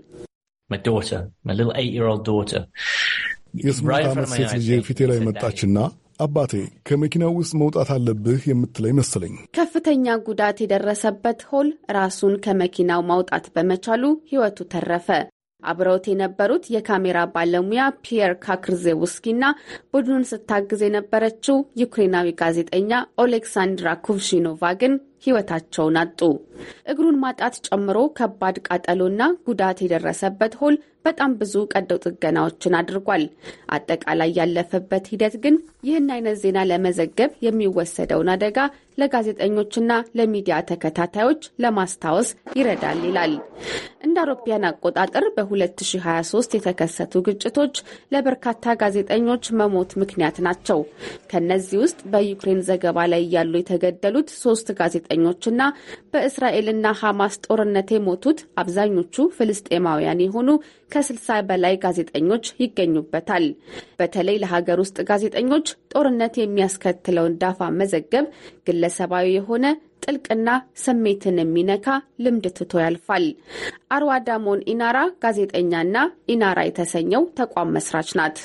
የስምንት ዓመት ሴት ልጄ ፊቴ ላይ መጣችና አባቴ ከመኪናው ውስጥ መውጣት አለብህ የምትለኝ መሰለኝ። ከፍተኛ ጉዳት የደረሰበት ሆል ራሱን ከመኪናው ማውጣት በመቻሉ ሕይወቱ ተረፈ። አብረውት የነበሩት የካሜራ ባለሙያ ፒየር ካክርዜውስኪና ቡድኑን ስታግዝ የነበረችው ዩክሬናዊ ጋዜጠኛ ኦሌክሳንድራ ኩቭሺኖቫ ግን ሕይወታቸውን አጡ። እግሩን ማጣት ጨምሮ ከባድ ቃጠሎና ጉዳት የደረሰበት ሆል በጣም ብዙ ቀዶ ጥገናዎችን አድርጓል። አጠቃላይ ያለፈበት ሂደት ግን ይህን አይነት ዜና ለመዘገብ የሚወሰደውን አደጋ ለጋዜጠኞችና ለሚዲያ ተከታታዮች ለማስታወስ ይረዳል ይላል። እንደ አውሮፓውያን አቆጣጠር በ2023 የተከሰቱ ግጭቶች ለበርካታ ጋዜጠኞች መሞት ምክንያት ናቸው። ከነዚህ ውስጥ በዩክሬን ዘገባ ላይ ያሉ የተገደሉት ሶስት ጋዜጠ ጋዜጠኞችና በእስራኤልና ሐማስ ጦርነት የሞቱት አብዛኞቹ ፍልስጤማውያን የሆኑ ከ60 በላይ ጋዜጠኞች ይገኙበታል። በተለይ ለሀገር ውስጥ ጋዜጠኞች ጦርነት የሚያስከትለውን ዳፋ መዘገብ ግለሰባዊ የሆነ ጥልቅና ስሜትን የሚነካ ልምድ ትቶ ያልፋል። አርዋዳሞን ኢናራ ጋዜጠኛና ኢናራ የተሰኘው ተቋም መስራች ናት።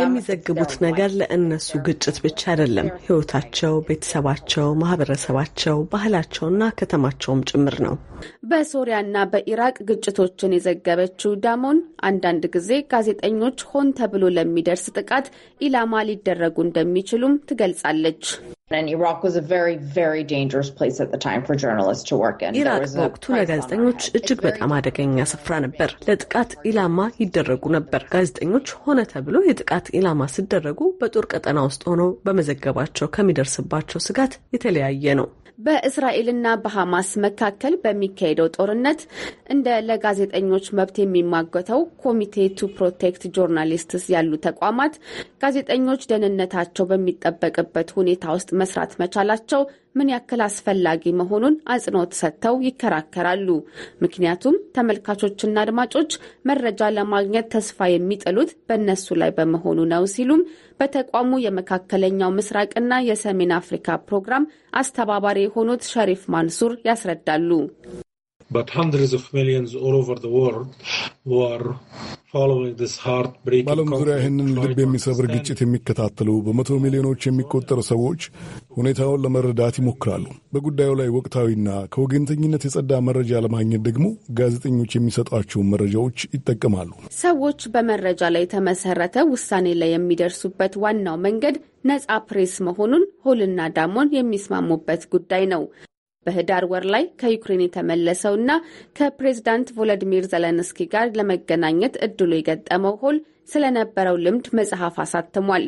የሚዘግቡት ነገር ለእነሱ ግጭት ብቻ አይደለም። ህይወታቸው ቤተሰባቸው፣ ማህበረሰባቸው፣ ባህላቸውና ከተማቸውም ጭምር ነው። በሶሪያና በኢራቅ ግጭቶችን የዘገበችው ዳሞን አንዳንድ ጊዜ ጋዜጠኞች ሆን ተብሎ ለሚደርስ ጥቃት ኢላማ ሊደረጉ እንደሚችሉም ትገልጻለች። ኢራቅ በወቅቱ ለጋዜጠኞች እጅግ በጣም አደገኛ ስፍራ ነበር። ለጥቃት ኢላማ ይደረጉ ነበር። ጋዜጠኞች ሆነ ተብሎ የጥቃት ኢላማ ሲደረጉ በጦር ቀጠና ውስጥ ሆነው በመዘገባቸው ከሚደርስባቸው ስጋት የተለያየ ነው። በእስራኤልና በሐማስ መካከል በሚካሄደው ጦርነት እንደ ለጋዜጠኞች መብት የሚሟገተው ኮሚቴ ቱ ፕሮቴክት ጆርናሊስትስ ያሉ ተቋማት ጋዜጠኞች ደህንነታቸው በሚጠበቅበት ሁኔታ ውስጥ መስራት መቻላቸው ምን ያክል አስፈላጊ መሆኑን አጽንኦት ሰጥተው ይከራከራሉ። ምክንያቱም ተመልካቾችና አድማጮች መረጃ ለማግኘት ተስፋ የሚጥሉት በእነሱ ላይ በመሆኑ ነው ሲሉም በተቋሙ የመካከለኛው ምስራቅና የሰሜን አፍሪካ ፕሮግራም አስተባባሪ የሆኑት ሸሪፍ ማንሱር ያስረዳሉ። But hundreds of millions all over the world were በዓለም ዙሪያ ይህንን ልብ የሚሰብር ግጭት የሚከታተሉ በመቶ ሚሊዮኖች የሚቆጠሩ ሰዎች ሁኔታውን ለመረዳት ይሞክራሉ። በጉዳዩ ላይ ወቅታዊና ከወገንተኝነት የጸዳ መረጃ ለማግኘት ደግሞ ጋዜጠኞች የሚሰጧቸውን መረጃዎች ይጠቀማሉ። ሰዎች በመረጃ ላይ የተመሰረተ ውሳኔ ላይ የሚደርሱበት ዋናው መንገድ ነጻ ፕሬስ መሆኑን ሆልና ዳሞን የሚስማሙበት ጉዳይ ነው። በህዳር ወር ላይ ከዩክሬን የተመለሰውና ከፕሬዝዳንት ቮለዲሚር ዘለንስኪ ጋር ለመገናኘት እድሉ የገጠመው ሆል ስለነበረው ልምድ መጽሐፍ አሳትሟል።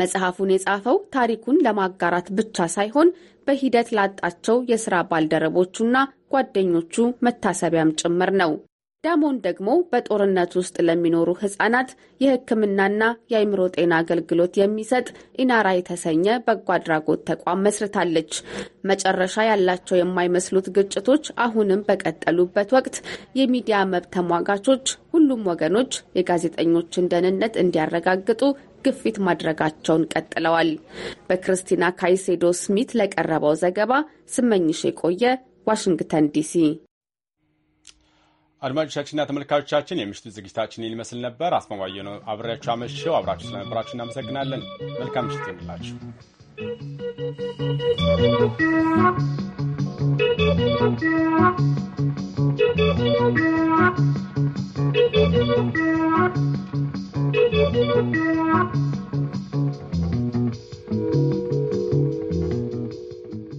መጽሐፉን የጻፈው ታሪኩን ለማጋራት ብቻ ሳይሆን በሂደት ላጣቸው የስራ ባልደረቦቹና ጓደኞቹ መታሰቢያም ጭምር ነው። ዳሞን ደግሞ በጦርነት ውስጥ ለሚኖሩ ህጻናት የህክምናና የአይምሮ ጤና አገልግሎት የሚሰጥ ኢናራ የተሰኘ በጎ አድራጎት ተቋም መስርታለች። መጨረሻ ያላቸው የማይመስሉት ግጭቶች አሁንም በቀጠሉበት ወቅት የሚዲያ መብት ተሟጋቾች ሁሉም ወገኖች የጋዜጠኞችን ደህንነት እንዲያረጋግጡ ግፊት ማድረጋቸውን ቀጥለዋል። በክርስቲና ካይሴዶ ስሚት ለቀረበው ዘገባ ስመኝሽ የቆየ ዋሽንግተን ዲሲ አድማጮቻችንና ተመልካቾቻችን የምሽቱ ዝግጅታችን ይመስል ነበር። አስማማየ ነው አብሬያችሁ አመሸው። አብራችሁ ስለነበራችሁ እናመሰግናለን። መልካም ምሽት ይሁንላችሁ።